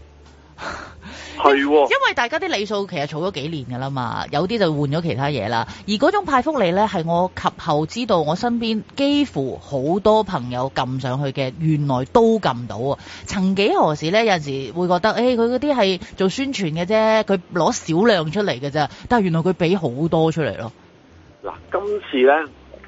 係， 因為大家啲里數其實儲咗幾年噶啦嘛，有啲就換咗其他嘢啦。而嗰種派福利呢，係我及後知道，我身邊幾乎好多朋友撳上去嘅，原來都撳到。曾幾何時呢，有陣時會覺得誒，佢嗰啲係做宣傳嘅啫，佢攞少量出嚟嘅啫。但係原來佢俾好多出嚟咯。嗱，今次呢，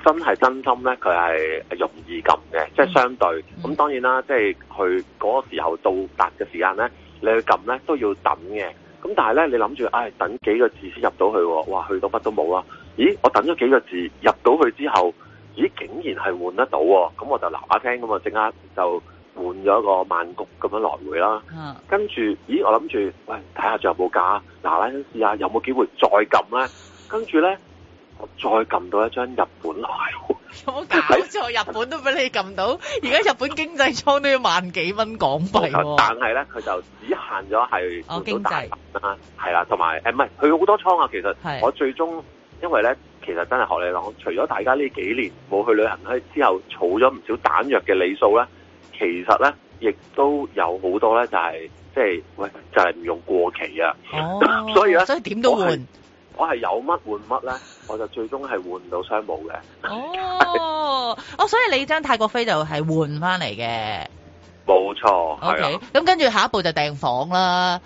真係真心呢，佢係容易撳嘅，即係相對。咁、嗯、當然啦，即係佢嗰個時候到達嘅時間呢。你去撳咧都要等嘅，咁但係咧你諗住，唉、哎、等幾個字先入到去、啊，哇去到乜都冇啦、啊、咦我等咗幾個字入到去之後，咦竟然係換得到、啊，咁我就嗱嗱聲，咁啊，即刻就換咗個曼谷咁樣來回啦、啊。嗯，跟住咦我諗住，喂睇下仲有冇價，嗱嗱聲試下有冇機會再撳咧、啊，跟住咧。再撳到一張日本嚟喎，有冇搞錯？日本都俾你撳到？而家 日本經濟倉都要萬幾蚊港幣、啊、但係咧，佢就只限咗係換到蛋啦。係啦、哦，同埋誒唔係，佢好、欸、多倉啊。其實我最終因為咧，其實真係學你講，除咗大家呢幾年冇去旅行咧之後，儲咗唔少彈藥嘅理數咧，其實咧亦都有好多咧，就係即係喂，就係、是、唔用過期啊。哦、所以咧，所以點都換。我係有乜換乜咧，我就最終係換唔到商務嘅。哦， 哦，所以你張泰國飛就係換翻嚟嘅。冇錯，OK、啊。咁跟住下一步就訂房啦。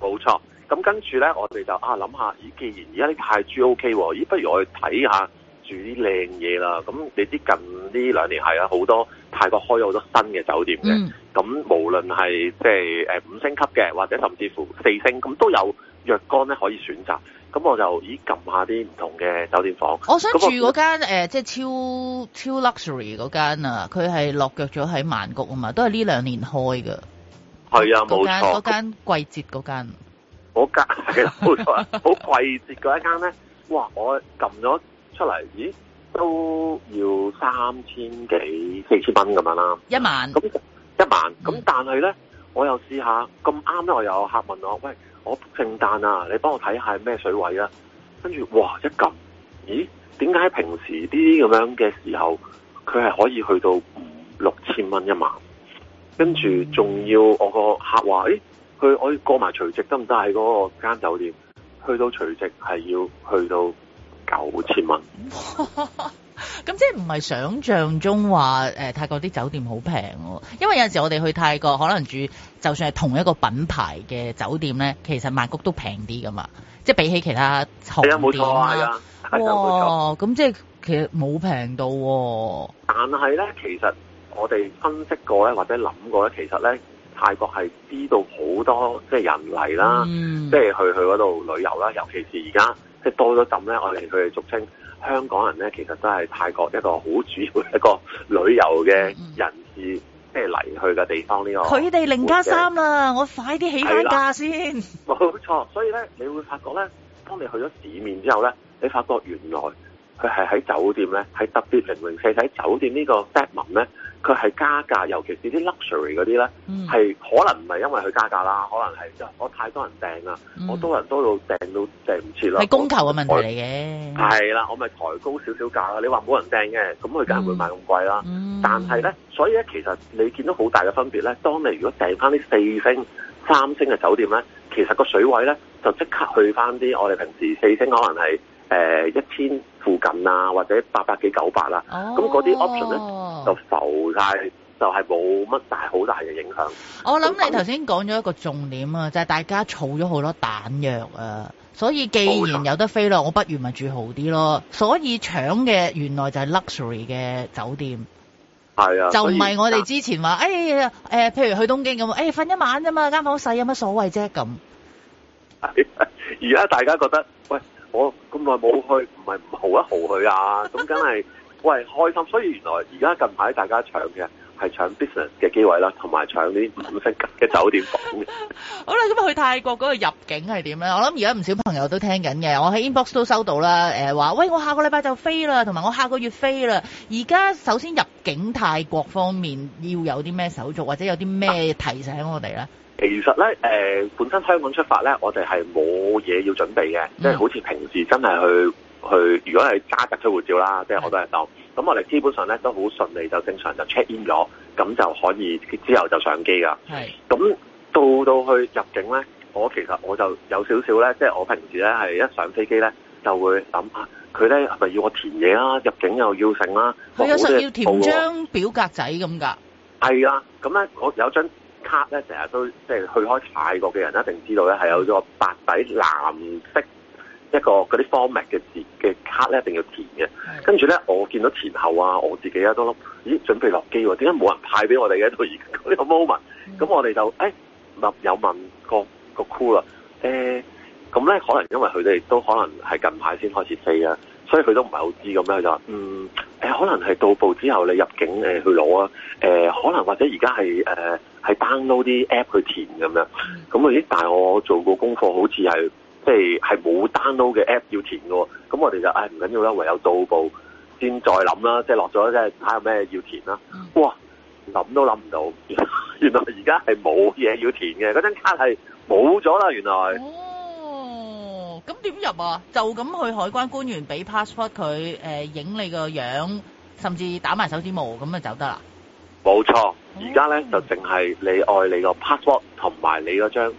冇錯，咁跟住咧，我哋就啊諗下，咦，既然而家啲泰銖 OK，咦，不如我去睇下住啲靚嘢啦。咁你知近呢兩年係啊，好多泰國開咗好多新嘅酒店嘅。咁、嗯、無論係即係誒五星級嘅，或者甚至乎四星，咁都有。若干咧可以選擇，咁我就咦撳下啲唔同嘅酒店房。我想住嗰間即係我、欸就是、超超 luxury 嗰間啊！佢係落腳咗喺曼谷啊嘛，都係呢兩年開㗎。係啊，冇錯，嗰間季節嗰間，嗰間冇錯，好季節嗰一間咧，哇！我撳咗出嚟，咦都要三千幾四千蚊咁樣啦，一萬，一萬，咁一萬咁， 但係咧，我又試下咁啱咧，我有客問我，喂。我、哦、聖誕啊，你幫我睇下咩水位啊，跟住哇一撳，咦點解平時啲咁樣嘅時候，佢係可以去到六千蚊一晚，跟住仲要我個客話，咦，佢我可以過埋除夕得唔得喺嗰個間酒店？去到除夕係要去到九千蚊。咁即係唔係想象中話誒、呃，泰國啲酒店好平，哦，因為有陣時我哋去泰國可能住，就算係同一個品牌嘅酒店咧，其實曼谷都平啲噶嘛，即係比起其他係啊，冇錯啊，哇，冇錯，咁即係其實冇平到，但係咧，其實我哋分析過咧，或者諗過咧，其實咧，泰國係知道好多即係人嚟啦，即係、嗯、去去嗰度旅遊啦，尤其是而家即係多咗陣咧，我哋佢哋俗稱。香港人咧，其實都係泰國一個好主要一個旅遊嘅人士，嗯、即係嚟去嘅地方呢個。佢哋零加三啊，我快啲起翻價先。冇錯，所以咧，你會發覺咧，當你去咗市面之後咧，你發覺原來佢係喺酒店咧，喺特別零零四，喺酒店呢個 set 文呢。咧。佢係加價，尤其是啲 luxury 嗰啲咧，係、嗯、可能唔係因為佢加價啦，可能係我太多人訂啊，嗯、我多人多到訂到訂唔切啦。係供求嘅問題嚟嘅。係啦，我咪抬高少少價啦。你話冇人訂嘅，咁佢梗係會賣咁貴啦。嗯嗯、但係咧，所以咧，其實你見到好大嘅分別咧，當你如果訂翻啲四星、三星嘅酒店咧，其實個水位咧就即刻去翻啲我哋平時四星可能係呃一千附近啊，或者八百幾、九百啦。咁嗰啲 option 咧。就受晒，就係冇乜大好大嘅影響。我諗你頭先講咗一個重點啊，就係、是、大家儲咗好多彈藥啊，所以既然有得飛咯，我不如咪住豪啲咯。所以搶嘅原來就係 luxury 嘅酒店。係啊，就唔係我哋之前話誒誒，譬如去東京咁，誒、哎、瞓一晚啫嘛，間房細有乜所謂啫咁。而家大家覺得，喂，我咁耐冇去，唔係唔豪一豪去啊？咁梗係。 喂，開心！所以原來而家近排大家搶嘅係搶 business 嘅機位啦，同埋搶啲五星級嘅酒店房。 好啦，咁啊去泰國嗰度入境係點咧？我諗而家唔少朋友都聽緊嘅，我喺 inbox 都收到啦。話、呃，喂，我下個禮拜就飛啦，同埋我下個月飛啦。而家首先入境泰國方面要有啲咩手續，或者有啲咩提醒我哋咧？其實咧、呃，本身香港出發咧，我哋係冇嘢要準備嘅，即係好似平時真係去。去，如果係揸夾出護照啦，即係我都係當。咁是的 我哋基本上咧都好順利，就正常就 check in 咗，咁就可以之後就上機噶。咁是的 到到去入境咧，我其實我就有少少咧，即、就、係、是、我平時咧係一上飛機咧就會諗啊，佢咧係咪要我填嘢啦、啊？入境又要剩啦，係啊，佢有要填張表格仔咁㗎。係啊，咁咧我有一張卡咧，成日都即係去開泰國嘅人一定知道咧，係有個白底藍色。一個嗰啲 format 嘅字嘅卡咧，一定要填嘅。的跟住咧，我見到前後啊，我自己、啊、都諗，咦，準備落機喎？點解冇人派俾我哋嘅？到而呢個 moment，咁、mm hmm. 嗯、我哋就誒立、哎、有問個個 crew 啦。咁、呃、咧可能因為佢哋都可能係近排先開始飛啊，所以佢都唔係好知咁樣。就話嗯、呃、可能係到步之後你入境誒去攞啊。可能或者而家係、呃、download 啲 app 去填咁樣。咁我咦？但係我做過功課好，好似係。即係係冇 download 嘅 app 要填嘅，咁我哋就唉唔緊要啦，唯有到步先再諗啦，即係落咗即係睇下咩要填啦。嗯、哇，諗都諗唔到，原來而家係冇嘢要填嘅，嗰張卡係冇咗啦。原來哦，咁點入啊？就咁去海關官員俾 passport 佢誒影、呃、你個樣，甚至打埋手指模，咁咪走得啦？冇錯，而家咧就淨係你愛你個 passport 同埋你嗰張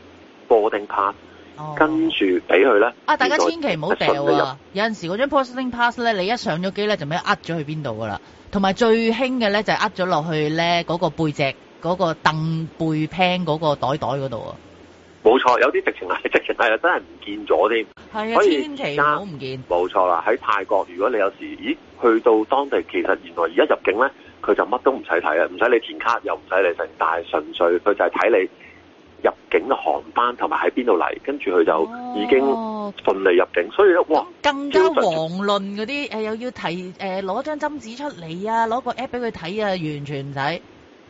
boarding pass。Oh. 跟住俾佢呢？啊！大家千祈唔好掉啊！啊有陣時嗰張 posting pass 咧，你一上咗機咧，就咩呃咗去邊度噶啦？同埋最興嘅咧，就呃咗落去咧嗰個背脊嗰個凳背 pan 嗰個袋袋嗰度啊！冇錯，有啲直情係直情係真係唔見咗添，係啊的！以千祈唔好唔見。冇錯啦！喺泰國，如果你有時咦去到當地，其實原來而家入境咧，佢就乜都唔使睇啊！唔使你填卡，又唔使你成，但係純粹佢就係睇你。入境嘅航班同埋喺邊度嚟，跟住佢就已經順利入境，所以咧，哦、哇，更加遑論嗰啲誒又要提誒攞張針紙出嚟啊，攞個 app 俾佢睇啊，完全唔使。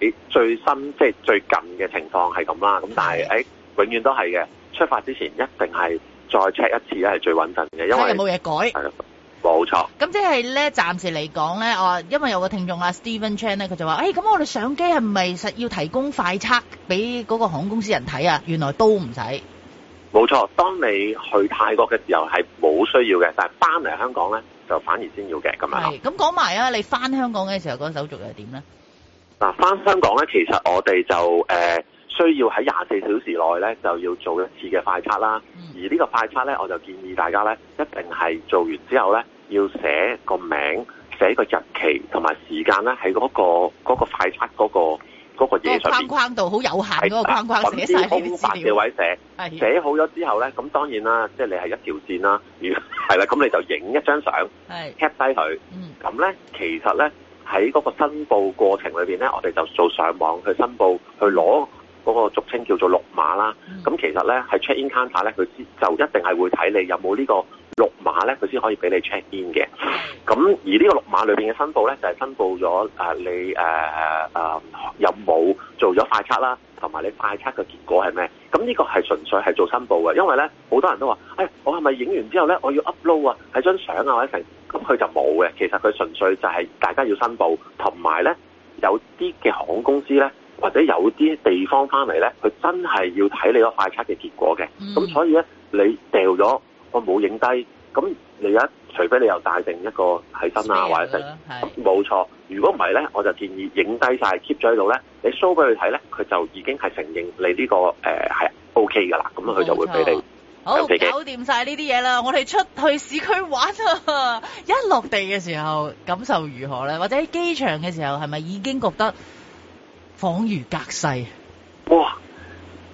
你最新即係最近嘅情況係咁啦，咁但係喺的、哎、永遠都係嘅。出發之前一定係再 check 一次咧，係最穩陣嘅。因今日冇嘢改，冇錯。咁即係咧，暫時嚟講咧，哦，因為有個聽眾啊 Steven Chan 咧，佢就話：，誒、哎，咁我哋上機係唔係實要提供快測俾嗰個航空公司人睇啊？原來都唔使。冇錯，當你去泰國嘅時候係冇需要嘅，但係翻嚟香港咧就反而先要嘅，咁啊的。係、嗯，咁講埋啊，你翻香港嘅時候嗰、那個、手續又點咧？嗱，翻香港咧，其實我哋就誒、呃、需要喺廿四小時內咧就要做一次嘅快測啦。嗯、而呢個快測咧，我就建議大家咧，一定係做完之後咧，要寫個名、寫個日期同埋時間咧，喺嗰個嗰個快測嗰個嗰個嘢上面。框框度好有限，嗰個框框，個框，框是寫曬空白嘅位寫，的寫好咗之後咧，咁當然啦，即係你係一條線啦。如係啦，咁你就影一張相，cap 低佢。咁咧的、嗯，其實咧。喺嗰個申報過程裏面咧，我哋就做上網去申報，去攞嗰個俗稱叫做綠碼啦。咁其實咧，喺 check in counter 咧，佢先就一定係會睇你有冇呢個綠碼咧，佢先可以俾你 check in 嘅。咁而呢個綠碼裏面嘅申報咧，就係、是、申報咗、啊、你誒誒、啊啊、有冇做咗快測啦，同埋你快測嘅結果係咩？咁呢個係純粹係做申報嘅，因為咧好多人都話，誒、哎、我係咪影完之後咧，我要 upload 啊，係張相啊，或者成？咁佢就冇嘅，其實佢純粹就係大家要申報，同埋咧有啲嘅航空公司咧，或者有啲地方翻嚟咧，佢真係要睇你嗰快測嘅結果嘅。咁、嗯、所以咧，你掉咗我冇影低，咁你一除非你又帶定一個喺身啊，Spare 或者冇的錯。如果唔係咧，我就建議影低曬 keep 咗喺度咧，你 show 俾佢睇咧，佢就已經係承認你呢、呢個誒係 O K 㗎啦。咁、呃、佢、OK、就會俾你。好，搞掂晒呢啲嘢啦！我哋出去市區玩，一落地嘅時候感受如何咧？或者喺機場嘅時候，係咪已經覺得恍如隔世？哇！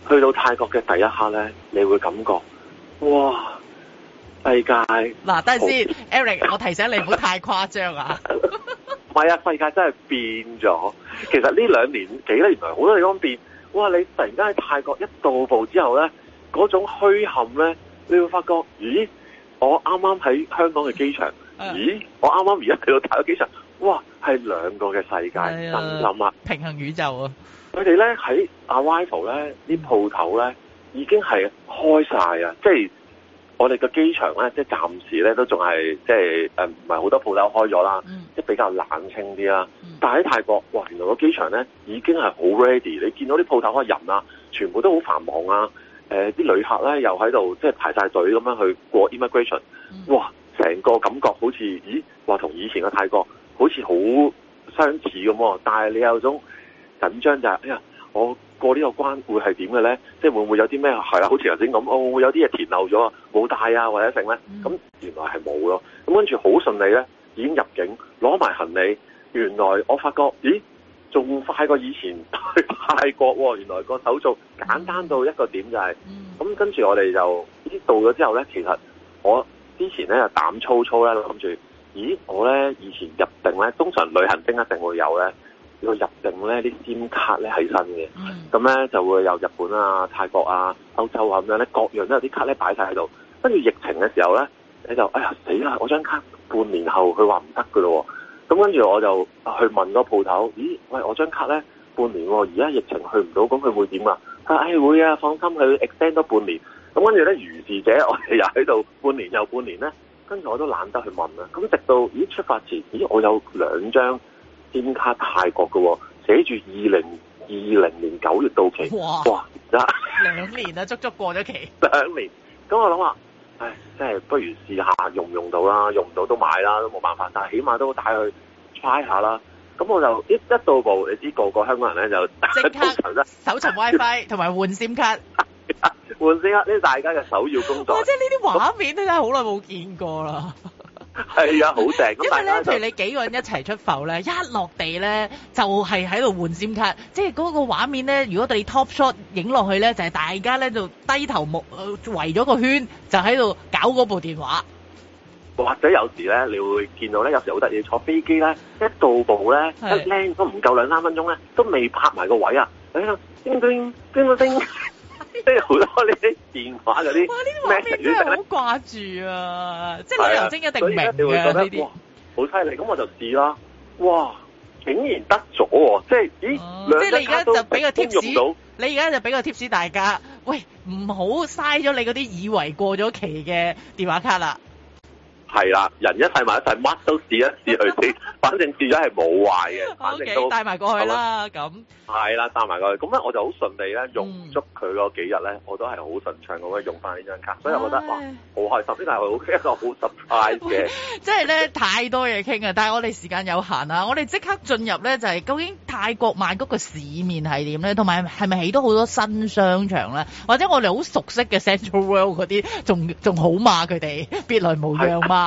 去到泰國嘅第一刻咧，你會感覺哇，世界！嗱，等陣先好，Eric，我提醒你，唔好 太誇張啊！唔係啊，世界真係變咗。其實呢兩年幾年嚟，好多地方變。哇！你突然間喺泰國一到步之後咧～嗰種虛冚呢，你會發覺，咦？我啱啱喺香港嘅機場，哎、呀咦？我啱啱而家去到泰國機場，哇，係兩個嘅世界。真諗、哎、呀啊，平衡宇宙啊！佢哋呢，喺 arrival 呢啲鋪頭呢已經係開曬啊，嗯、即係我哋嘅機場呢，即係暫時呢都仲係即係唔係好多鋪頭開咗啦，即係、呃嗯、比較冷清啲啦。嗯、但喺泰國，哇，原來個機場呢已經係好 ready。你見到啲鋪頭開人啊，全部都好繁忙啊！誒啲、呃、旅客咧又喺度即係排晒隊咁樣去過 immigration，哇！成個感覺好似咦話同以前嘅泰國好似好相似咁，但係你有種緊張就係，哎呀，我過呢個關會係點嘅咧？即係會唔會有啲咩係啦？好似頭先咁，我、哦、會有啲嘢填漏咗啊，冇帶啊或者剩咧？咁、嗯、原來係冇咯，咁跟住好順利咧，已經入境攞埋行李，原來我發覺咦～仲快過以前去泰國喎、哦，原來個手續簡單到一個點就係、是，咁、mm hmm. 跟住我哋就到咗之後呢，其實我之前呢就膽粗粗咧，諗住，咦我呢以前入定呢，通常旅行證一定會有呢，要入定呢啲 SIM 卡呢，係新嘅，咁、hmm. 呢，就會有日本啊、泰國啊、歐洲啊咁樣呢各樣都有啲卡呢擺晒喺度，跟住疫情嘅時候呢，你就哎呀死啦！我張卡半年後佢話唔得㗎咯喎。咁跟住我就去問個鋪頭，咦？喂，我張卡咧半年，而家疫情去唔到，咁佢會點啊？佢、哎、誒會啊，放心，佢 extend 多半年。咁跟住咧，如是者我哋又喺度半年又半年咧，跟住我都懶得去問啦。咁直到咦出發前，咦我有兩張尖卡泰國嘅，寫住二零二零年九月到期。哇！兩哇年啊， 足足過咗期。兩年。咁我諗話。唉，真係不如試下用唔用到啦，用唔到都買啦，都冇辦法，但係起碼都帶去 try 下啦。咁、嗯、我就一到一道步，你知個個香港人咧就即刻搜尋搜尋 WiFi，同埋換 SIM 卡，換 SIM 卡呢？這是大家嘅首要工作，即係呢啲畫面都真係好耐冇見過啦。 係啊，好正！ 因為咧，譬如你幾個人一齊出埠咧， 一落地咧就係喺度換閃卡，即係嗰個畫面咧。如果你 top shot 影落去咧，就係、是、大家咧就低頭目、呃、圍咗個圈，就喺度搞嗰部電話。或者有時咧，你會見到咧，有時好得意坐飛機咧，一到步咧一靚都唔夠兩三分鐘咧，都未拍埋個位啊！喺、哎、度叮叮叮叮叮，叮。 即係好多呢啲電話嗰啲，咩真係好掛住啊！的即係劉晶一定明嘅呢啲，好犀利。咁些我就試啦，哇！竟然得咗，即係，咦？嗯、即係你而家就俾個貼士，你而家就俾個貼士大家，喂，唔好嘥咗你嗰啲以為過咗期嘅電話卡啦。係啦，人一世物一世，乜都試一試佢，反正試咗係冇壞嘅。反正，帶埋過去啦，咁係啦，帶埋過去。咁咧我就好順利咧，用足佢嗰幾日咧，我都係好順暢咁去用翻呢張卡。所以我覺得哇，好開心！呢，但係好一個好 surprise 嘅。即係咧，太多嘢傾啊！但係我哋時間有限啊，我哋即刻進入咧就係究竟泰國曼谷嘅市面係點咧，同埋係咪起到好多新商場咧，或者我哋好熟悉嘅 Central World 嗰啲，仲仲好嘛？佢哋別來無恙嘛？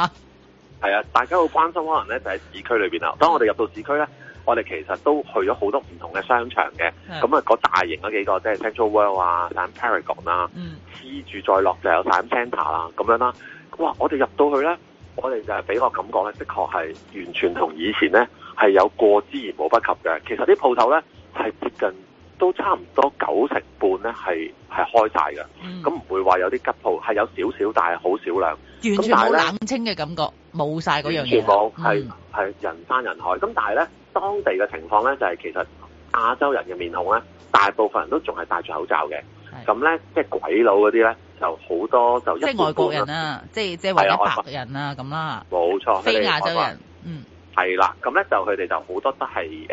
係啊，大家好關心可能咧，就喺市區裏邊啊。當我哋入到市區咧，我哋其實都去咗好多唔同嘅商場嘅。咁啊，嗰大型嗰幾個，即係 Central World、mm hmm. 啊、Siam Paragon 啦，黐住再落就有 Siam Center 啦，咁樣啦。哇，我哋入到去咧，我哋就係俾我個感覺咧，的確係完全同以前咧係有過之而無不及嘅。其實啲鋪頭咧係接近。都差唔多九成半咧，係係開晒嘅，咁唔會話有啲急鋪，係有少少，但係好少量，完全冇冷清嘅感覺，冇晒嗰樣嘢。全部係係人山人海，咁但係咧當地嘅情況咧，就係其實亞洲人嘅面孔咧，大部分人都仲係戴住口罩嘅，咁咧即係鬼佬嗰啲咧就好多就即係外國人啊，即係即係或者白人啊咁啦，冇錯，非亞洲人，嗯，係啦，咁咧就佢哋就好多都係誒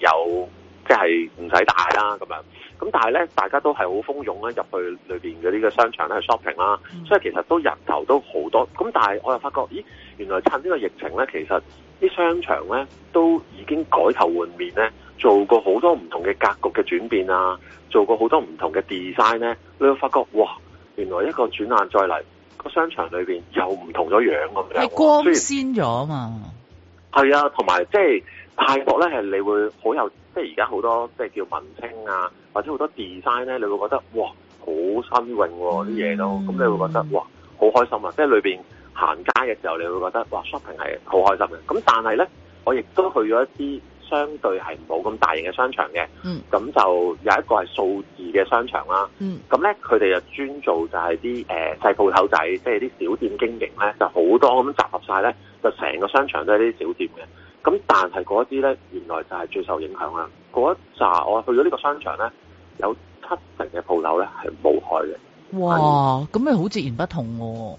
有。即係唔使戴啦咁樣，咁但係咧，大家都係好蜂擁咧入去裏面嘅呢個商場咧去 shopping 啦，嗯、所以其實都人頭都好多。咁但係我又發覺，咦，原來趁呢個疫情咧，其實啲商場咧都已經改頭換面咧，做過好多唔同嘅格局嘅轉變啊，做過好多唔同嘅 design 咧，你會發覺哇，原來一個轉眼再嚟個商場裏面又唔同咗樣咁樣，光鮮咗嘛。係然、嗯、啊，同埋即係泰國咧，係你會好有。即係而家好多即係叫文青啊，或者好多 design 咧，你會覺得哇，好新穎喎啲嘢都，咁、mm hmm. 你會覺得哇，好開心啊！即係裏邊行街嘅時候，你會覺得哇 shopping 係好開心嘅。咁但係咧，我亦都去咗一啲相對係冇咁大型嘅商場嘅，咁、mm hmm. 就有一個係數字嘅商場啦。咁咧佢哋就專做就係啲誒細鋪頭仔，即係啲小店經營咧，就好多咁集合晒咧，就成個商場都係啲小店嘅。咁但係嗰啲咧，原來就係最受影響啦。嗰一扎我去咗呢個商場咧，有七成嘅鋪頭咧係冇開嘅。哇！咁咪好截然不同喎、哦。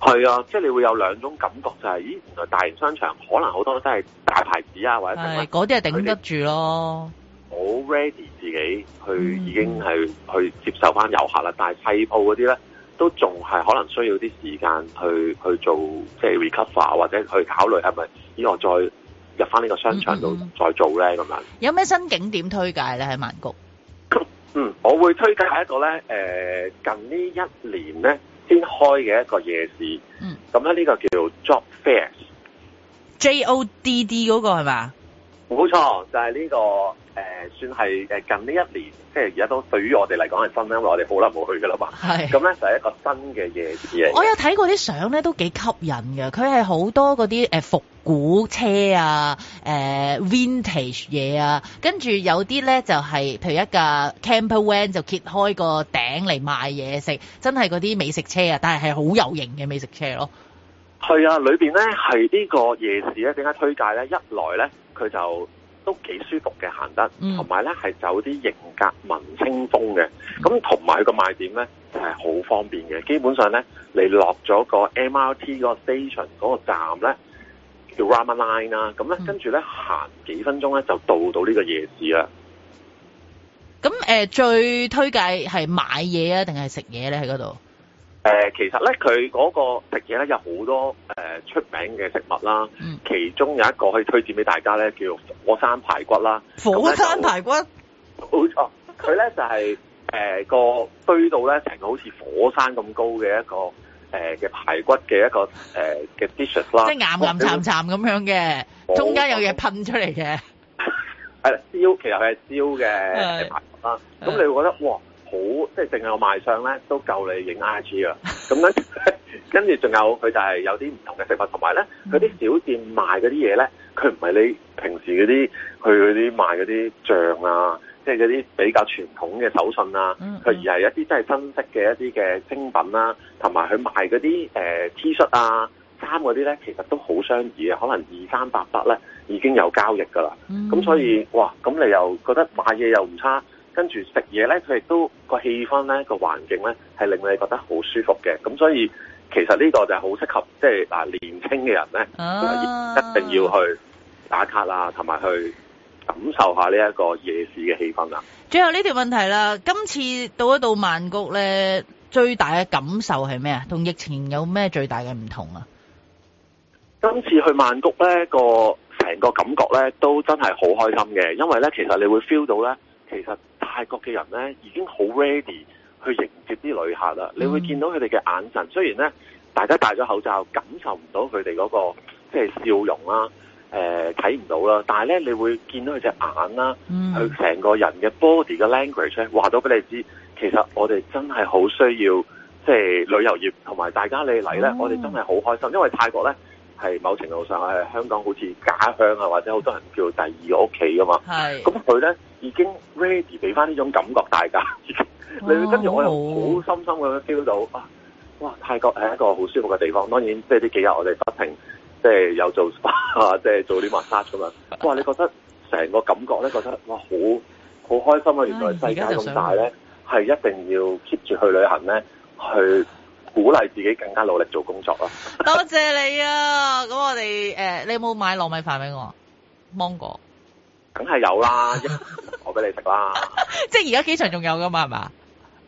係啊，即係你會有兩種感覺、就係，就係咦，原來大型商場可能好多都係大牌子啊，或者係嗰啲係頂得住咯。好 ready 自己去已經係去接受返遊客啦，但係細鋪嗰啲咧都仲係可能需要啲時間去去做即係 recover 或者去考慮係咪依我再。入翻呢個商場度再做咧，咁樣、嗯嗯、有咩新景點推介咧？喺曼谷，嗯，我會推介一個咧、呃，近呢一年咧先開嘅一個夜市，嗯，咁咧呢個叫做 Jodd Fairs，J O D D 嗰個係嘛？冇錯，就係、是、呢、這個。誒、呃、算係近呢一年，即係而家都對於我哋嚟講係新，因為我哋好耐冇去噶啦嘛。咁咧是，就係、是、一個新嘅夜市嘅。我有睇過啲相咧，都幾吸引㗎。佢係好多嗰啲誒復古車啊、誒、呃、vintage 嘢啊，跟住有啲咧就係、是、譬如一架 camper van 就揭開個頂嚟賣嘢食，真係嗰啲美食車啊！但係係好有型嘅美食車咯。係啊，裏面咧係呢個夜市咧點解推介咧？一來咧佢就都幾舒服嘅行得，同埋咧係有啲型格文青風嘅，咁同埋個賣點咧係好方便嘅。基本上咧，你落咗個 MRT 嗰個 station 嗰個站咧叫 Ramaline 啦、啊，咁咧跟住咧行幾分鐘咧就到到呢個夜市啦。咁誒、呃，最推介係買嘢啊，定係食嘢咧喺嗰度？誒、呃，其實咧佢嗰個食嘢咧有好多誒、呃、出名嘅食物啦，嗯、其中有一個可以推薦俾大家咧，叫火山排骨啦。火山排骨，冇錯，佢咧 就係、是、誒、呃、個堆到咧成個好似火山咁高嘅一個誒嘅、呃、排骨嘅一個誒嘅、呃、dishes 啦，即係岩岩潺潺咁樣嘅，山中間有嘢噴出嚟嘅，係啦，燒，其實係燒嘅排骨啦。咁你會覺得哇！好即係淨有賣相咧，都夠你影 I G 啊！咁跟跟住仲有佢就係有啲唔同嘅食物，同埋咧佢啲小店賣嗰啲嘢咧，佢唔係你平時嗰啲去嗰啲賣嗰啲醬啊，即係嗰啲比較傳統嘅手信啊，佢、嗯嗯、而係一啲真係新式嘅一啲嘅精品啦，同埋佢賣嗰啲誒 T 恤啊、衫嗰啲咧，其實都好相宜啊！可能二三百百咧已經有交易噶啦，咁、嗯、所以哇，咁你又覺得買嘢又唔差。跟住食嘢呢，佢亦都個氣氛呢，個環境呢，係令你覺得好舒服嘅。咁所以其實呢個就係好適合，即係嗱年輕嘅人呢，啊、一定要去打卡啦，同埋去感受下呢一個夜市嘅氣氛啦。最後呢條問題啦，今次到一到曼谷呢，最大嘅感受係咩啊？同疫情有咩最大嘅唔同啊？今次去曼谷呢，個成個感覺呢，都真係好開心嘅，因為呢，其實你會 feel 到呢，其實。泰國嘅人咧已經好 ready 去迎接啲旅客啦，你會見到佢哋嘅眼神，嗯、雖然咧大家戴咗口罩，感受唔到佢哋嗰個即係笑容啦，誒睇唔到啦，但係呢，你會見到佢隻眼啦，佢成、嗯、個人嘅 body 嘅 language 咧話到俾你知，其實我哋真係好需要即係旅遊業同埋大家你嚟呢，嗯、我哋真係好開心，因為泰國呢。係某程度上係香港好似家鄉啊，或者好多人叫第二屋企噶嘛。係。咁佢咧已經 ready 俾翻呢種感覺大家。你跟住我又好深深咁樣 feel 到啊！哇，哇，哇！泰國係一個好舒服嘅地方。當然，即係呢幾日我哋不停即係、即係、有做即係做啲 massage 咁啊。啊啊哇！你覺得成個感覺咧，覺得哇好好開心啊！哎、原來世界咁大咧，係一定要 keep 住去旅行咧，去。鼓勵自己更加努力做工作咯。多謝，謝你啊！咁 我哋誒、呃，你有冇買糯米飯俾我？芒果，梗係有啦， 我俾你食啦。 即係而家機場仲有噶嘛？係嘛？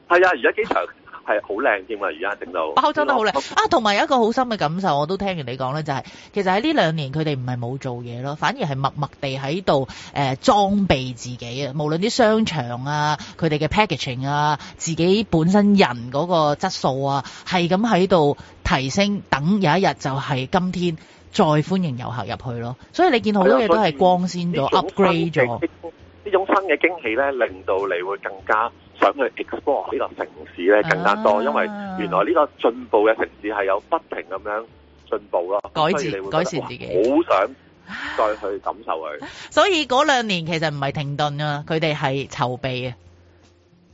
係啊，而家機場。 係好靚添啊，而家整到包裝得好靚啊！同埋有一個好深嘅感受，我都聽完你講咧，就係其實喺呢兩年佢哋唔係冇做嘢咯，反而係默默地喺度誒裝備自己啊！無論啲商場啊，佢哋嘅 packaging 啊，自己本身人嗰個質素啊，係咁喺度提升，等有一日就係今天再歡迎遊客入去咯。所以你見好多嘢都係光鮮咗、upgrade 咗。呢種新嘅驚喜咧，令到你會更加。想去 explore 呢個城市咧，更加多，啊、因為原來呢個進步嘅城市係有不停咁樣進步咯，改善改善自己，好想再去感受佢。所以嗰兩年其實唔係停頓啊，佢哋係籌備啊。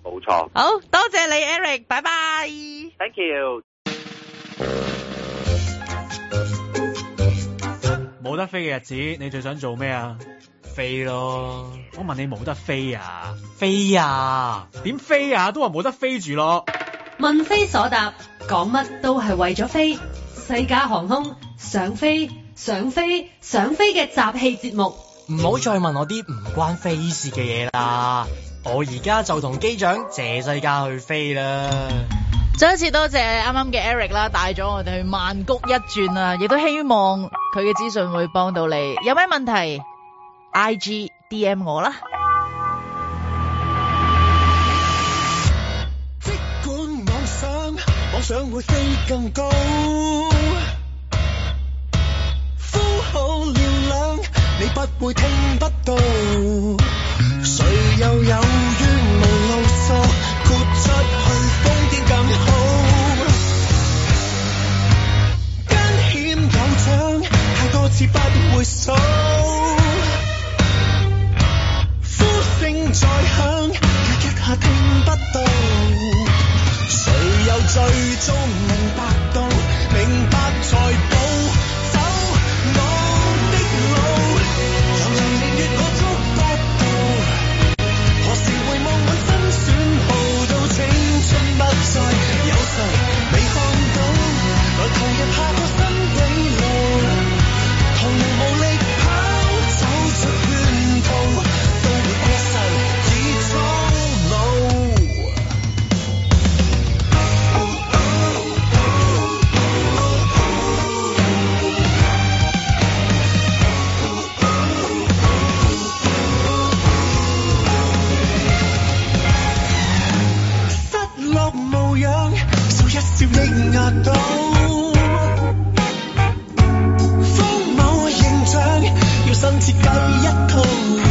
冇錯，好多謝你，Eric，拜拜。Thank you。冇得飛嘅日子，你最想做咩啊？飛咯！我問你冇得飛啊？飛啊？點飛啊？都話冇得飛住咯。問非所答，講乜都係為咗飛。西加航空，想飛想飛想飛嘅雜戲節目，唔好、嗯、再問我啲唔關飛事嘅嘢啦。我而家就同機長謝世界去飛啦。再一次多謝啱啱嘅 Eric 啦，帶咗我哋去曼谷一轉啊！亦都希望佢嘅資訊會幫到你。有咩問題？IGDM 我啦，即管妄想，妄想會飛更高。風號浪冷，你不會聽不到。誰又有冤無路訴，豁出去，風景更好。艱險 陡峭，太多次不回首。聲再響，也一,一下聽不到，誰又最終明白到？的壓倒，荒謬形象，要新設計一套。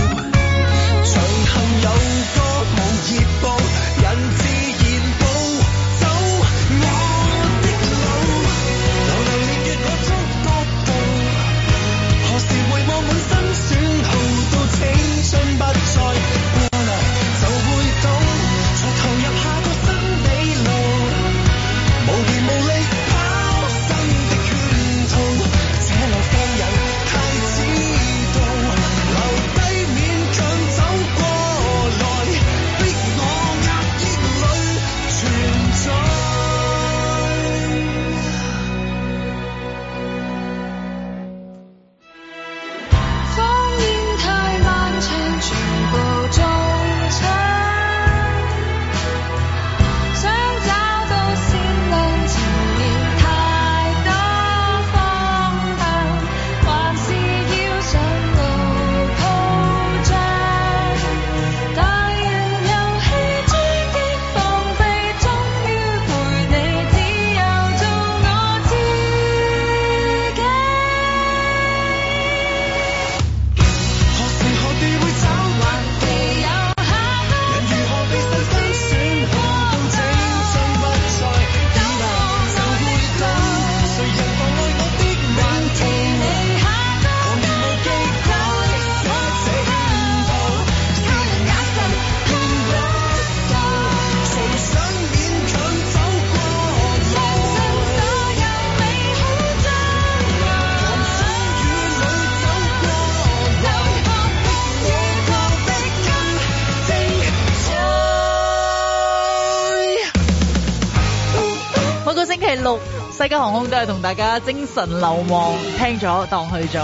大家精神流望，聽咗當去咗。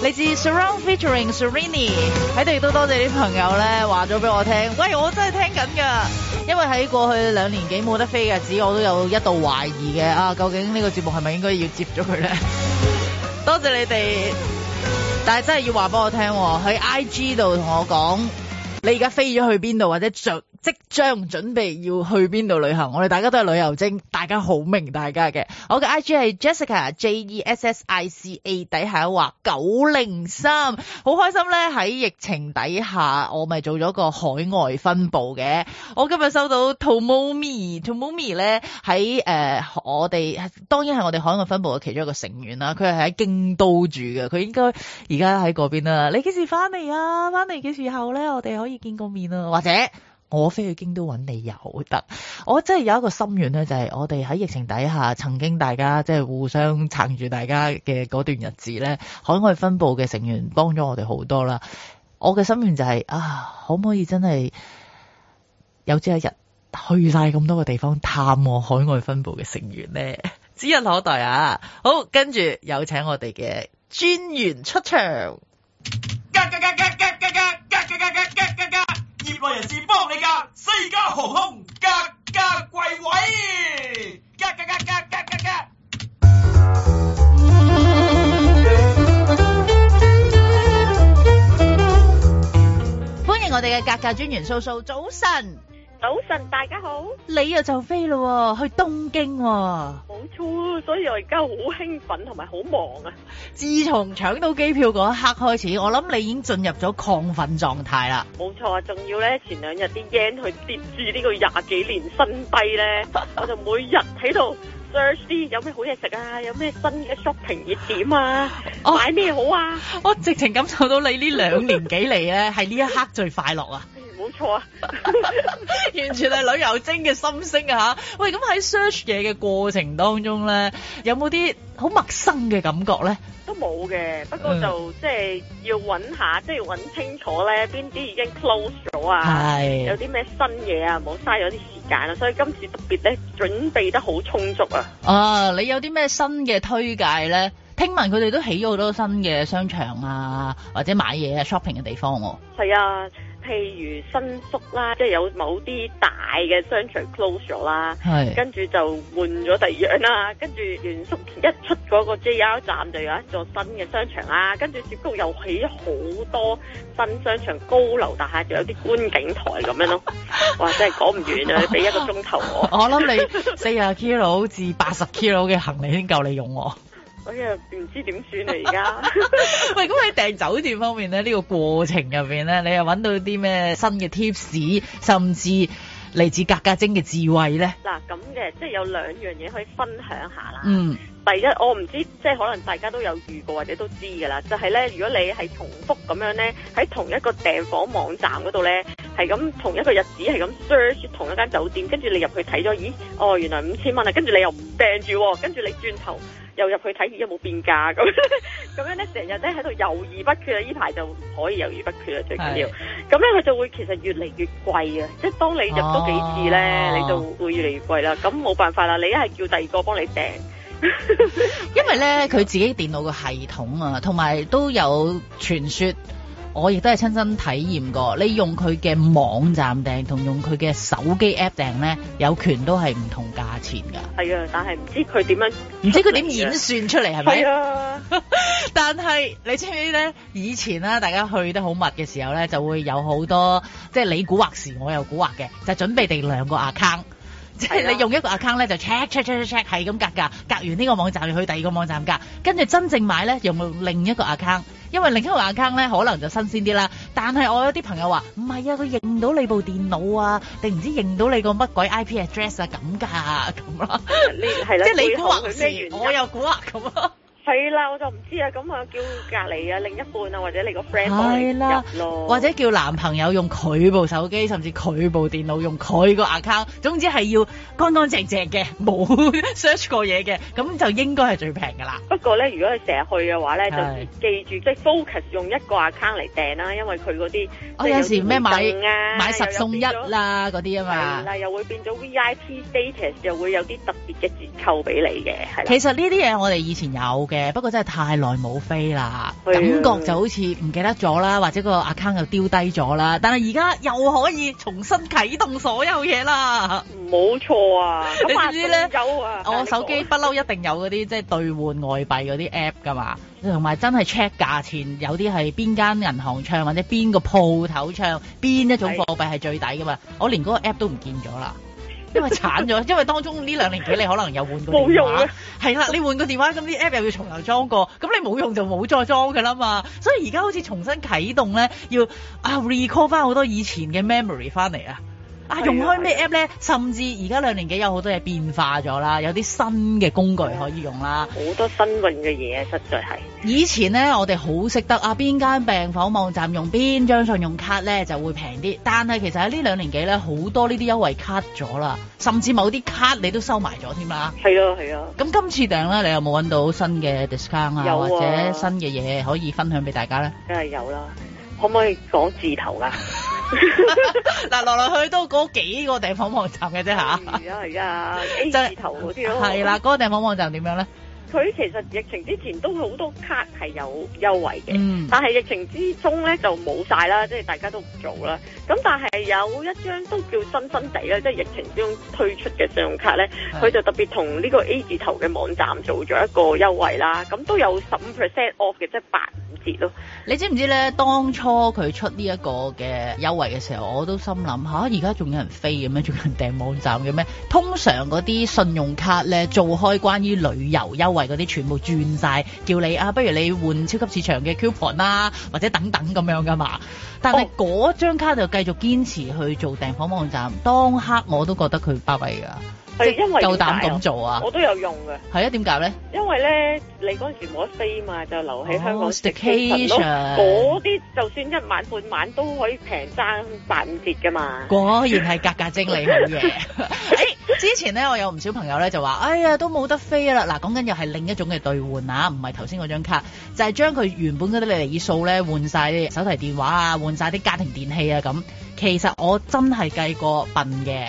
嚟自 Surround Featuring Serini 喺度亦都多謝啲朋友咧話咗俾我聽，喂我真係聽緊㗎，因為喺過去兩年幾冇得飛嘅日子，我都有一度懷疑嘅啊，究竟呢個節目係咪應該要接咗佢咧？多謝你哋，但係真係要話俾我聽喎，喺 IG 度同我講，你而家飛咗去邊度或者著？即將準備要去邊度旅行？我哋大家都係旅遊精，大家好明大家嘅。我嘅 I G 係 Jessica J E S S I C A，底下一話九零三，好開心呢，喺疫情底下，我咪做咗個海外分部嘅。我今日收到 Tomomi，Tomomi 咧喺誒 om、呃，我哋當然係我哋海外分部嘅其中一個成員啦。佢係喺京都住嘅，佢應該而家喺嗰邊啦。你幾時翻嚟啊？翻嚟嘅時候呢？我哋可以見個面啊，或者～我飛去京都揾你又好得，我真係有一個心願咧，就係我哋喺疫情底下，曾經大家即係互相撐住大家嘅嗰段日子咧，海外分部嘅成員幫咗我哋好多啦。我嘅心願就係啊，可唔可以真係有朝一日去晒咁多個地方探望我海外分部嘅成員咧？指日可待啊！好，跟住有請我哋嘅專員出場。加加加業內人士幫你噶，西加航空格價櫃位，格格格格格格，歡迎我哋嘅格價專員素素，早晨。早晨，大家好。你又就飛咯，去東京啊。冇錯，所以我而家好興奮同埋好忙啊。自從搶到機票嗰一刻開始，我諗你已經進入咗亢奮狀態啦。冇錯啊，仲要咧前兩日啲 yen 去跌住呢個廿幾年新低咧， 我就每日喺度 search 啲有咩好嘢食啊，有咩新嘅 shopping 熱點啊，哦、買咩好啊。我直情感受到你呢兩年幾嚟咧，係呢 一刻最快樂啊。冇沒錯啊！ 完全係旅遊精嘅心聲啊！喂，咁喺 search 嘢嘅過程當中咧，有冇啲好陌生嘅感覺咧？都冇嘅，不過就即係要揾下，即係要揾清楚咧，邊啲已經 close 咗啊？是有啲咩新嘢啊？冇嘥咗啲時間啊！所以今次特別咧，準備得好充足啊！啊，你有啲咩新嘅推介咧？聽聞佢哋都起咗好多新嘅商場啊，或者買嘢啊、shopping 嘅地方喎。係啊。譬如新宿啦，即係有某啲大嘅商場 close 咗啦，係是，跟住就換咗第二樣啦，跟住原宿一出嗰個 JR 站就有一座新嘅商場啦，跟住結果又起咗好多新商場高樓大廈，就有啲觀景台咁樣咯， 哇，真係講唔完啊，俾一個鐘頭我， 我諗你四十 kilo 至八十 kilo 嘅行李先夠你用我。我又唔知點算啊！而家喂，咁喺訂酒店方面咧，呢 個過程入面咧，你又搵到啲咩新嘅 tips，甚至嚟自格格精嘅智慧咧？嗱，咁嘅即係有兩樣嘢可以分享下啦。嗯。第一，我、哦、唔知，即係可能大家都有遇過或者都知噶啦，就係、是、咧，如果你係重複咁樣咧，喺同一個訂房網站嗰度咧，係咁同一個日子係咁 search 同一間酒店，跟住你入去睇咗，咦，哦，原來五千蚊啊，跟住你又唔訂住，跟住你轉頭又入去睇，而家冇變價咁，咁樣咧，成日咧喺度猶豫不決啊！呢排就唔可以猶豫不決啦，是的 最緊要，咁咧佢就會其實越嚟越貴啊！即係當你入多幾次咧，啊、你就會越嚟越貴啦。咁冇辦法啦，你一係叫第二個幫你訂。 因為咧佢自己電腦嘅系統啊，同埋都有傳說，我亦都係親身體驗過。你用佢嘅網站訂同用佢嘅手機 app 訂咧，有權都係唔同價錢噶。係啊，但係唔知佢點樣，唔知佢點演算出嚟係咪？係啊。但係你知唔知咧？以前啦、啊，大家去得好密嘅時候咧，就會有好多，即、就、係、是、你估惑時我又古惑嘅，就是、準備定兩個 account。即係 你用一個 account 咧就 check check check check 係咁隔噶，隔完呢個網站就去第二個網站隔，跟住真正買咧用另一個 account，因為另一個 account 咧可能就新鮮啲啦。但係我有啲朋友話唔係啊，佢認到你部電腦啊，定唔知認到你個乜鬼 IP address 啊咁噶咁咯。你係、啊、 即係你估吓佢，我又估吓咁。 係啦，我就唔知啊，咁啊叫隔籬啊另一半啊，或者你個 friend 嚟入咯，或者叫男朋友用佢部手機，甚至佢部電腦用佢個 account，總之係要乾乾淨淨嘅，冇 search 過嘢嘅，咁就應該係最平噶啦。不過咧，如果你成日去嘅話咧，就記住即係 focus 用一個 account 嚟訂啦，因為佢嗰啲我有時咩買買十送一啦嗰啲啊嘛，又會變咗 VIP status，又會有啲特別嘅折扣俾你嘅。其實呢啲嘢我哋以前有。嘅，不過真係太耐冇飛啦，感覺就好似唔記得咗啦，或者個 account 又丟低咗啦。但係而家又可以重新啟動所有嘢啦，冇錯啊！咁快啲知咧？有啊，我手機不嬲一定有嗰啲即係兌換外幣嗰啲 app 噶嘛，同埋真係 check 價錢，有啲係邊間銀行唱或者邊個鋪頭唱，邊一種貨幣係最抵噶嘛。我連嗰個 app 都唔見咗啦。 因為慘咗，因為當中呢兩年幾你可能又換個電話，係啦，你換個電話咁啲 app 又要重頭裝過，咁你冇用就冇再裝㗎啦嘛，所以而家好似重新啟動咧，要啊 recall 翻好多以前嘅 memory 翻嚟啊。啊，用開咩 app 咧？啊啊、甚至而家兩年幾有好多嘢變化咗啦，有啲新嘅工具可以用啦。好多新運嘅嘢，實在係。以前咧，我哋好識得啊，邊間病房網站用邊張信用卡咧就會平啲。但係其實喺呢兩年幾咧，好多呢啲優惠 cut 咗啦，甚至某啲卡你都收埋咗添啦。係啊，係啊。咁今次訂咧，你有冇揾到新嘅 discount 啊？有啊。或者新嘅嘢可以分享俾大家咧？梗係有啦，可唔可以講字頭啦？嗱，來 來去都嗰幾個地方網站嘅啫嚇，而家而家真係好啲咯，啊，係啦，嗰個地方網站點樣咧？佢其實疫情之前都好多卡係有優惠嘅，嗯、但係疫情之中咧就冇晒啦，即係大家都唔做啦。咁但係有一張都叫新新地啦，即係疫情之中推出嘅信用卡咧，佢是就特別同呢個 A 字頭嘅網站做咗一個優惠啦。咁都有十五 percent off 嘅，即係八五折咯。你知唔知咧？當初佢出呢一個嘅優惠嘅時候，我都心諗嚇，而家仲有人飛嘅咩？仲有人訂網站嘅咩？通常嗰啲信用卡咧做開關於旅遊優惠。嗰啲全部轉晒，叫你啊，不如你換超級市場嘅 coupon 啦，啊，或者等等咁樣噶嘛。但係嗰、oh. 張卡就繼續堅持去做訂房網站，當刻我都覺得佢不為噶。係因為夠膽咁做啊！我都有用嘅。係啊？點搞咧？因為咧，你嗰陣時冇得飛嘛，就留喺香港。Staycation 嗰啲就算一晚半晚都可以平爭八五折噶嘛。果然係格格精理好嘅。誒 厲、 欸，之前咧，我有唔少朋友咧就話，哎呀，都冇得飛啦。嗱，講緊又係另一種嘅兌換啊，唔係頭先嗰張卡，就係將佢原本嗰啲里數咧換晒啲手提電話啊，換晒啲家庭電器啊咁。其實我真係計過笨嘅。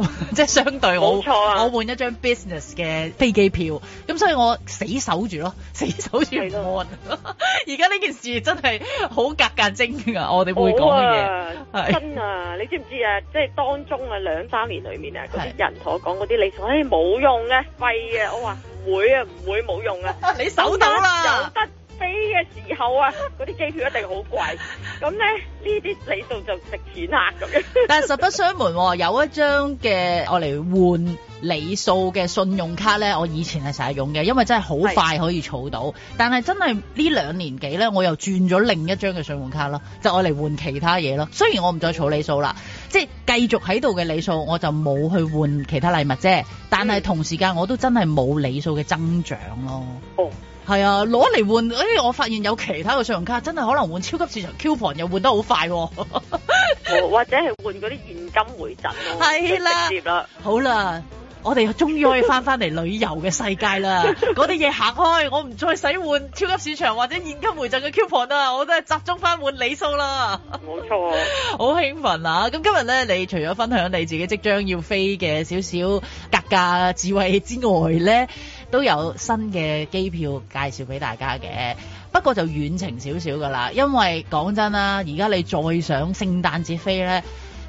即係相對我，冇錯啊，我換一張 business 嘅飛機票，咁所以我死守住咯，死守住。而家呢件事真係好格格精㗎，啊。我哋會講嘢。啊是真啊，你知唔知啊？即係當中啊兩三年裏面啊，啲人同我講嗰啲理財，以冇是、哎、用嘅，廢啊！我話唔會啊，唔 會冇用啊， 你守到啦。飛嘅時候啊，嗰啲機票一定好貴。咁咧 呢啲里數就值錢客咁樣。 但係實不相瞞，有一張嘅我嚟換里數嘅信用卡咧，我以前係成日用嘅，因為真係好快可以儲到。是但係真係呢兩年幾咧，我又轉咗另一張嘅信用卡咯，就我嚟換其他嘢咯。雖然我唔再儲里數啦，即係繼續喺度嘅里數，我就冇去換其他禮物啫。但係同時間我都真係冇里數嘅增長咯。嗯哦。係啊，攞嚟換，誒、哎，我發現有其他嘅信用卡真係可能換超級市場 coupon 又換得好快，哦， 或者係換嗰啲現金回贈，係啦，好啦，我哋終於可以返返嚟旅遊嘅世界啦，嗰啲嘢行開，我唔再使換超級市場或者現金回贈嘅 coupon 啦，我都係集中返換里數啦，冇 錯、啊，好興奮啊！咁今日咧，你除咗分享你自己即將要飛嘅少少格價智慧之外咧。都有新嘅機票介紹俾大家嘅，不過就遠程少少噶啦，因為講真啦，而家你再想聖誕節飛呢，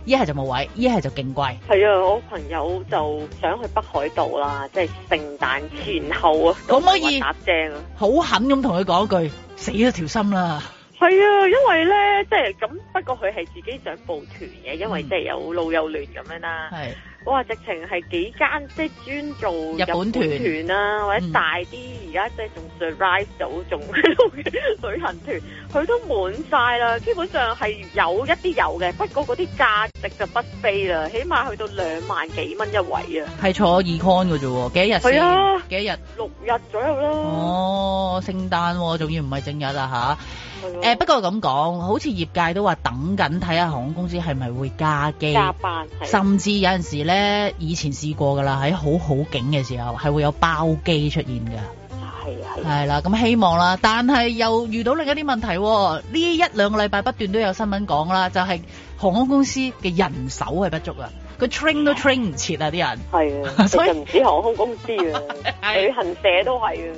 一係就冇位，一係就勁貴。係啊，我朋友就想去北海道啦，即係聖誕前後啊，好可，可以，正啊！好狠咁同佢講一句，死咗條心啦。係啊，因為呢，即係咁，不過佢係自己想報團嘅，因為即係有路有亂咁樣啦。係、嗯。哇！直情係幾間即係專做日本團團啊，或者大啲而家即係仲 survive 到，仲喺度嘅旅行團，佢都滿晒啦。基本上係有一啲有嘅，不過嗰啲價值就不菲啦，起碼去到兩萬幾蚊一位啊。係坐二 con 㗎啫，幾日？係啊，幾日？六日左右啦。哦，聖誕喎，仲要唔係正日啊吓！ 不過咁講，好似業界都話等緊睇下航空公司係咪會加機、加班，甚至有陣時呢，以前試過㗎啦，喺好好景嘅時候係會有包機出現㗎。係啊的。係啦，咁希望啦，但係又遇到另一啲問題，呢一兩個禮拜不斷都有新聞講啦，就係航空公司嘅人手係不足啊。個 train 都 train 唔切啊！啲人係啊，的所以唔止航空公司啊， 的旅行社都係啊。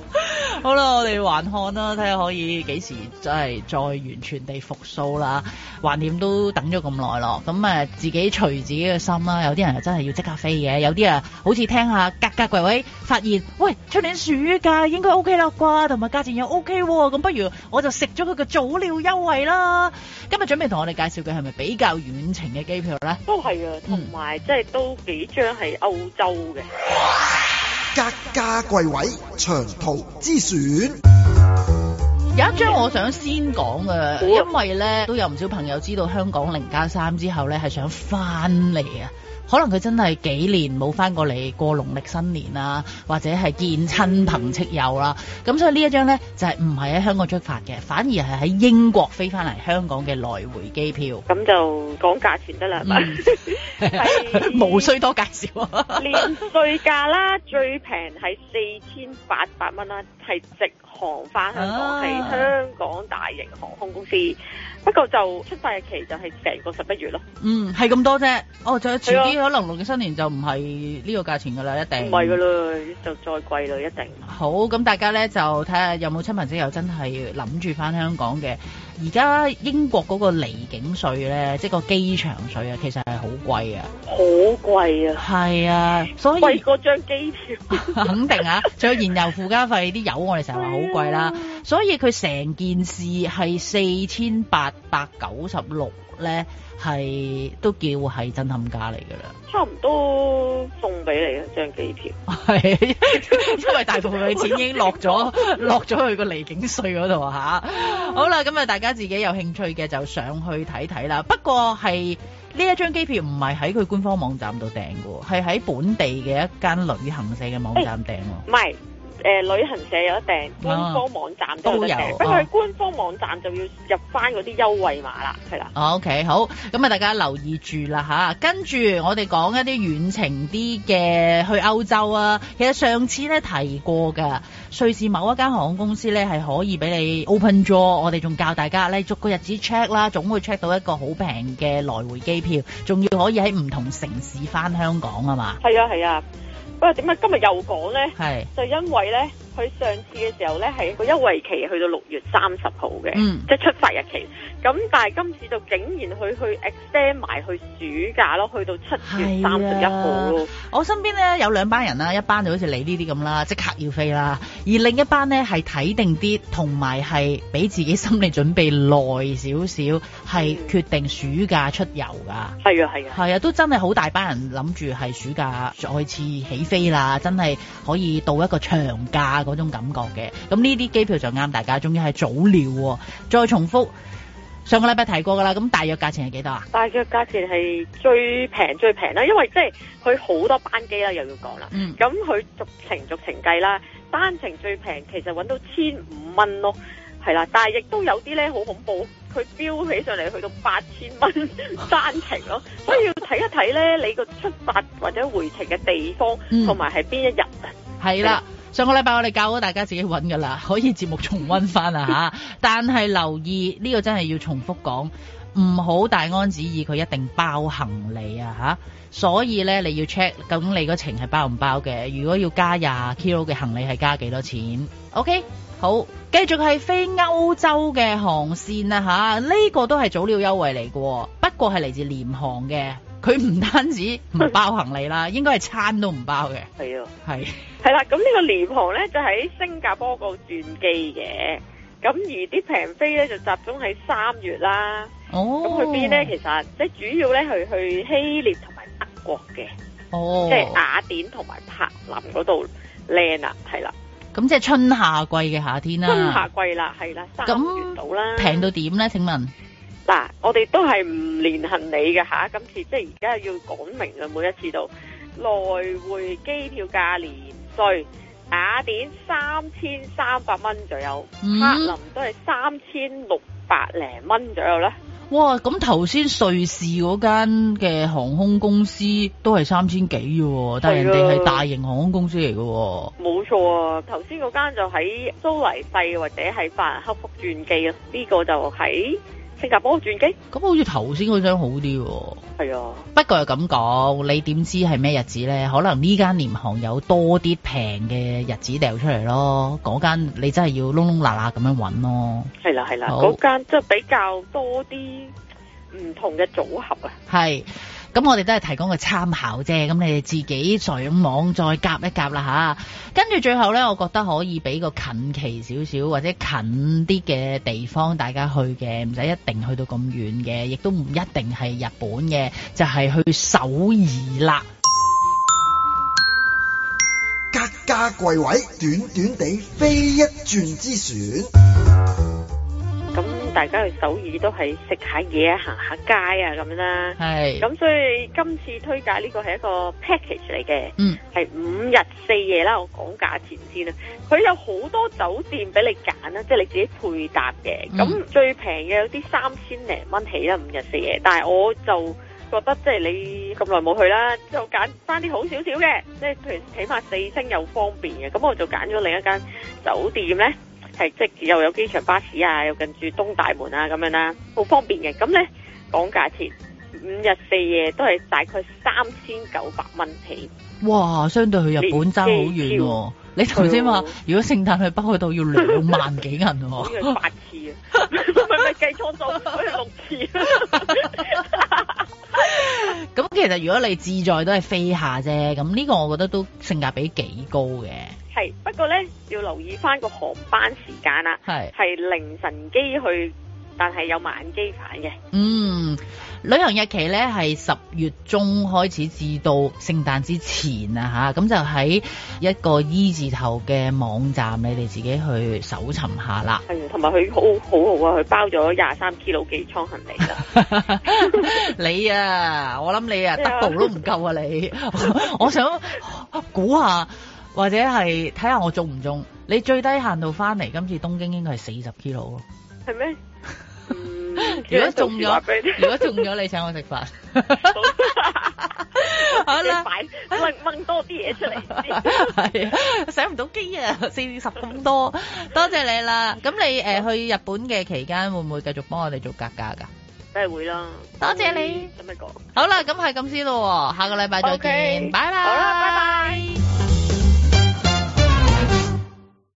好啦，我哋還看啦，睇下可以幾時真係再完全地復甦啦。橫掂都等咗咁耐咯。咁誒，自己隨自己嘅心啦。有啲人係真係要即刻飛嘅，有啲啊，好似聽下格格位位發現，喂，出年暑假應該 OK 啦啩，同埋價錢又 OK，咁、啊、不如我就食咗佢嘅早鳥優惠啦。今日準備同我哋介紹嘅係咪比較遠程嘅機票咧？都係啊，同埋、嗯。即係都幾張係歐洲嘅，格家貴位長途之選。有一張我想先講嘅，因為咧都有唔少朋友知道香港零加三之後咧係想翻嚟啊。可能佢真係幾年冇翻過嚟過農曆新年啦，或者係見親朋戚友啦。咁所以呢一張呢，就係唔係喺香港出發嘅，反而係喺英國飛翻嚟香港嘅來回機票。咁就講價錢得啦，係嘛、嗯？係，無需多介紹，連稅價啦，最平係四千八百蚊啦，係直航翻香港，係、啊、香港大型航空公司。不過就出發日期就係成個十一月咯。嗯，係咁多啫。哦，就遲啲可能龍嘅新年就唔係呢個價錢噶啦，一定唔係噶嘞，就再貴喇。一定。好，咁大家咧就睇下有冇親朋戚友真係諗住翻香港嘅。而家英國嗰個離境稅咧，即係個機場稅啊，其實係好貴啊，好貴啊，係啊，貴過張機票， 肯定啊，仲有燃油附加費，啲油我哋成日話好貴啦，所以佢成件事係四千八百九十六。咧係都叫係震撼價嚟噶啦，差唔多送俾你一張機票，係 因為大部分嘅錢已經落咗 落咗去個離境稅嗰度吓。 好啦，咁啊大家自己有興趣嘅就上去睇睇啦。 不過係呢一張機票唔係喺佢官方網站度訂嘅，係喺本地嘅一間旅行社嘅網站訂。唔係、哎。誒、呃、旅行社有得訂，官方網站有得、啊、都有，不過官方網站就要入翻嗰啲優惠碼啦，係啦。OK，好，咁啊大家留意住啦嚇。跟住我哋講一啲遠程啲嘅去歐洲啊，其實上次咧提過㗎，瑞士某一間航空公司咧係可以俾你 open jaw，我哋仲教大家咧逐個日子 check 啦，總會 check 到一個好平嘅來回機票，仲要可以喺唔同城市翻香港啊嘛。係啊，係啊。是喂，點解今日又講咧？係是就因為咧。佢上次嘅時候呢，係個優惠期去到六月三十號嘅，嗯，即係出發日期。咁但係今次就竟然去去 extend 埋去暑假咯，去到七月三十一號咯。我身邊呢，有兩班人啦，一班就好似你呢啲咁啦，即刻要飛啦。而另一班呢，係睇定啲，同埋係俾自己心理準備耐少少，係、嗯、決定暑假出遊㗎。係啊，係啊，係啊，都真係好大班人諗住係暑假再次起飛啦，真係可以到一個長假。嗰種感覺嘅，咁呢啲機票就啱大家，仲要係早鳥，哦。再重複上個禮拜提過噶啦，咁大約價錢係幾多啊？大約價錢係最平最平啦，因為即係佢好多班機啦，又要講啦。咁佢、嗯、逐程逐程計啦，單程最平其實揾到千五蚊咯，係啦。但係亦都有啲咧好恐怖，佢飆起上嚟去到八千蚊單程咯，所以要睇一睇咧你個出發或者回程嘅地方，同埋係邊一日啊？係啦。上個禮拜我哋教咗大家自己揾噶啦，可以節目重溫翻啊吓！ 但係留意呢個真係要重複講，唔好大安旨意佢一定包行李啊吓！所以咧你要 check，究竟你個程係包唔包嘅？如果要加廿 kilo 嘅行李係加幾多錢？OK，好，繼續係非歐洲嘅航線啊吓！呢個都係早鳥優惠嚟嘅，不過係嚟自廉航嘅，佢唔單止唔包行李啦， 應該係餐都唔包嘅。係啊， 係。係啦，咁呢個廉航咧就喺新加坡個轉機嘅，咁而啲平飛咧就集中喺三月啦。哦，咁去邊咧？其實即係主要咧係去希臘同埋德國嘅。哦，oh. 即係雅典同埋柏林嗰度靚啦，係啦。咁即係春夏季嘅夏天啦，啊。春夏季啦，係啦，三月到啦。平到點咧？請問。嗱，我哋都係唔連行李嘅吓，今，啊，次即係而家要講明啦，每一次都來回機票價廉。最雅典三千三百蚊左右，柏、嗯、林都係三千六百零蚊左右咧。哇，咁頭先瑞士嗰間嘅航空公司都係三千幾嘅，但係人哋係大型航空公司嚟嘅。冇錯啊，頭先嗰間就喺蘇黎世或者係法蘭克福轉機啦，呢、呢個就喺。新加坡轉機，咁好似頭先嗰張好啲喎，係啊。啊不過又咁講，你點知係咩日子咧？可能呢間廉航有多啲平嘅日子掉出嚟咯，嗰間你真係要窿窿罅罅咁樣揾咯。係啦、啊，係啦、啊，嗰好間即係比較多啲唔同嘅組合啊。係。咁我哋都係提供個參考啫，咁你哋自己上網再夾一夾啦吓。跟住最後呢，我覺得可以俾個近期少少或者近啲嘅地方大家去嘅，唔使一定去到咁遠嘅，亦都唔一定係日本嘅，就係、是、去首爾啦。格價貴位，短短地飛一轉之選。大家去首爾都係食下嘢，行下街啊咁樣啦。係。咁所以今次推介呢個係一個 package 嚟嘅。嗯。係五日四夜啦，我講價錢先啦。佢有好多酒店俾你揀啦，即係你自己配搭嘅。嗯。咁最平嘅有啲三千零蚊起啦，五日四夜。但係我就覺得即係你咁耐冇去啦，就揀翻啲好少少嘅，即係譬如起碼四星又方便嘅。咁我就揀咗另一間酒店呢。係即又有機場巴士啊，又近住東大門啊，咁樣啦、啊，好方便嘅。咁咧講價錢，五日四夜都係大概三千九百蚊起。哇，相對去日本爭好遠喎、啊！你頭先話如果聖誕去北海道要兩萬幾銀喎，八次啊？唔係唔計錯咗，唔係六次。咁 其實如果你自在都係飛下啫，咁呢個我覺得都性價比幾高嘅。係，不過咧要留意翻，個航班時間啦、啊。係是，係凌晨機去，但係有晚機返嘅。嗯，旅行日期咧係十月中開始至到聖誕之前啊，吓、啊、咁就喺一個 E 字頭嘅網站，你哋自己去搜尋下啦。係，同埋佢好好好啊，佢包咗廿三 kilo 機艙行李啊。 你啊，我諗你啊，double 都唔夠啊，你， 我想估下。或者係睇下我中唔中？你最低限度翻嚟，今次東京應該係四十 kilo 咯。係咩？如果中咗，如果中咗，你請我食飯。好啦，掹多啲嘢出嚟。係上唔到機啊，四十咁多，多謝你啦。咁你誒去日本嘅期間，會唔會繼續幫我哋做格價噶？梗係會啦，多謝你。咁樣講好啦，咁係咁先啦，下個禮拜再見，拜拜。好啦，拜拜。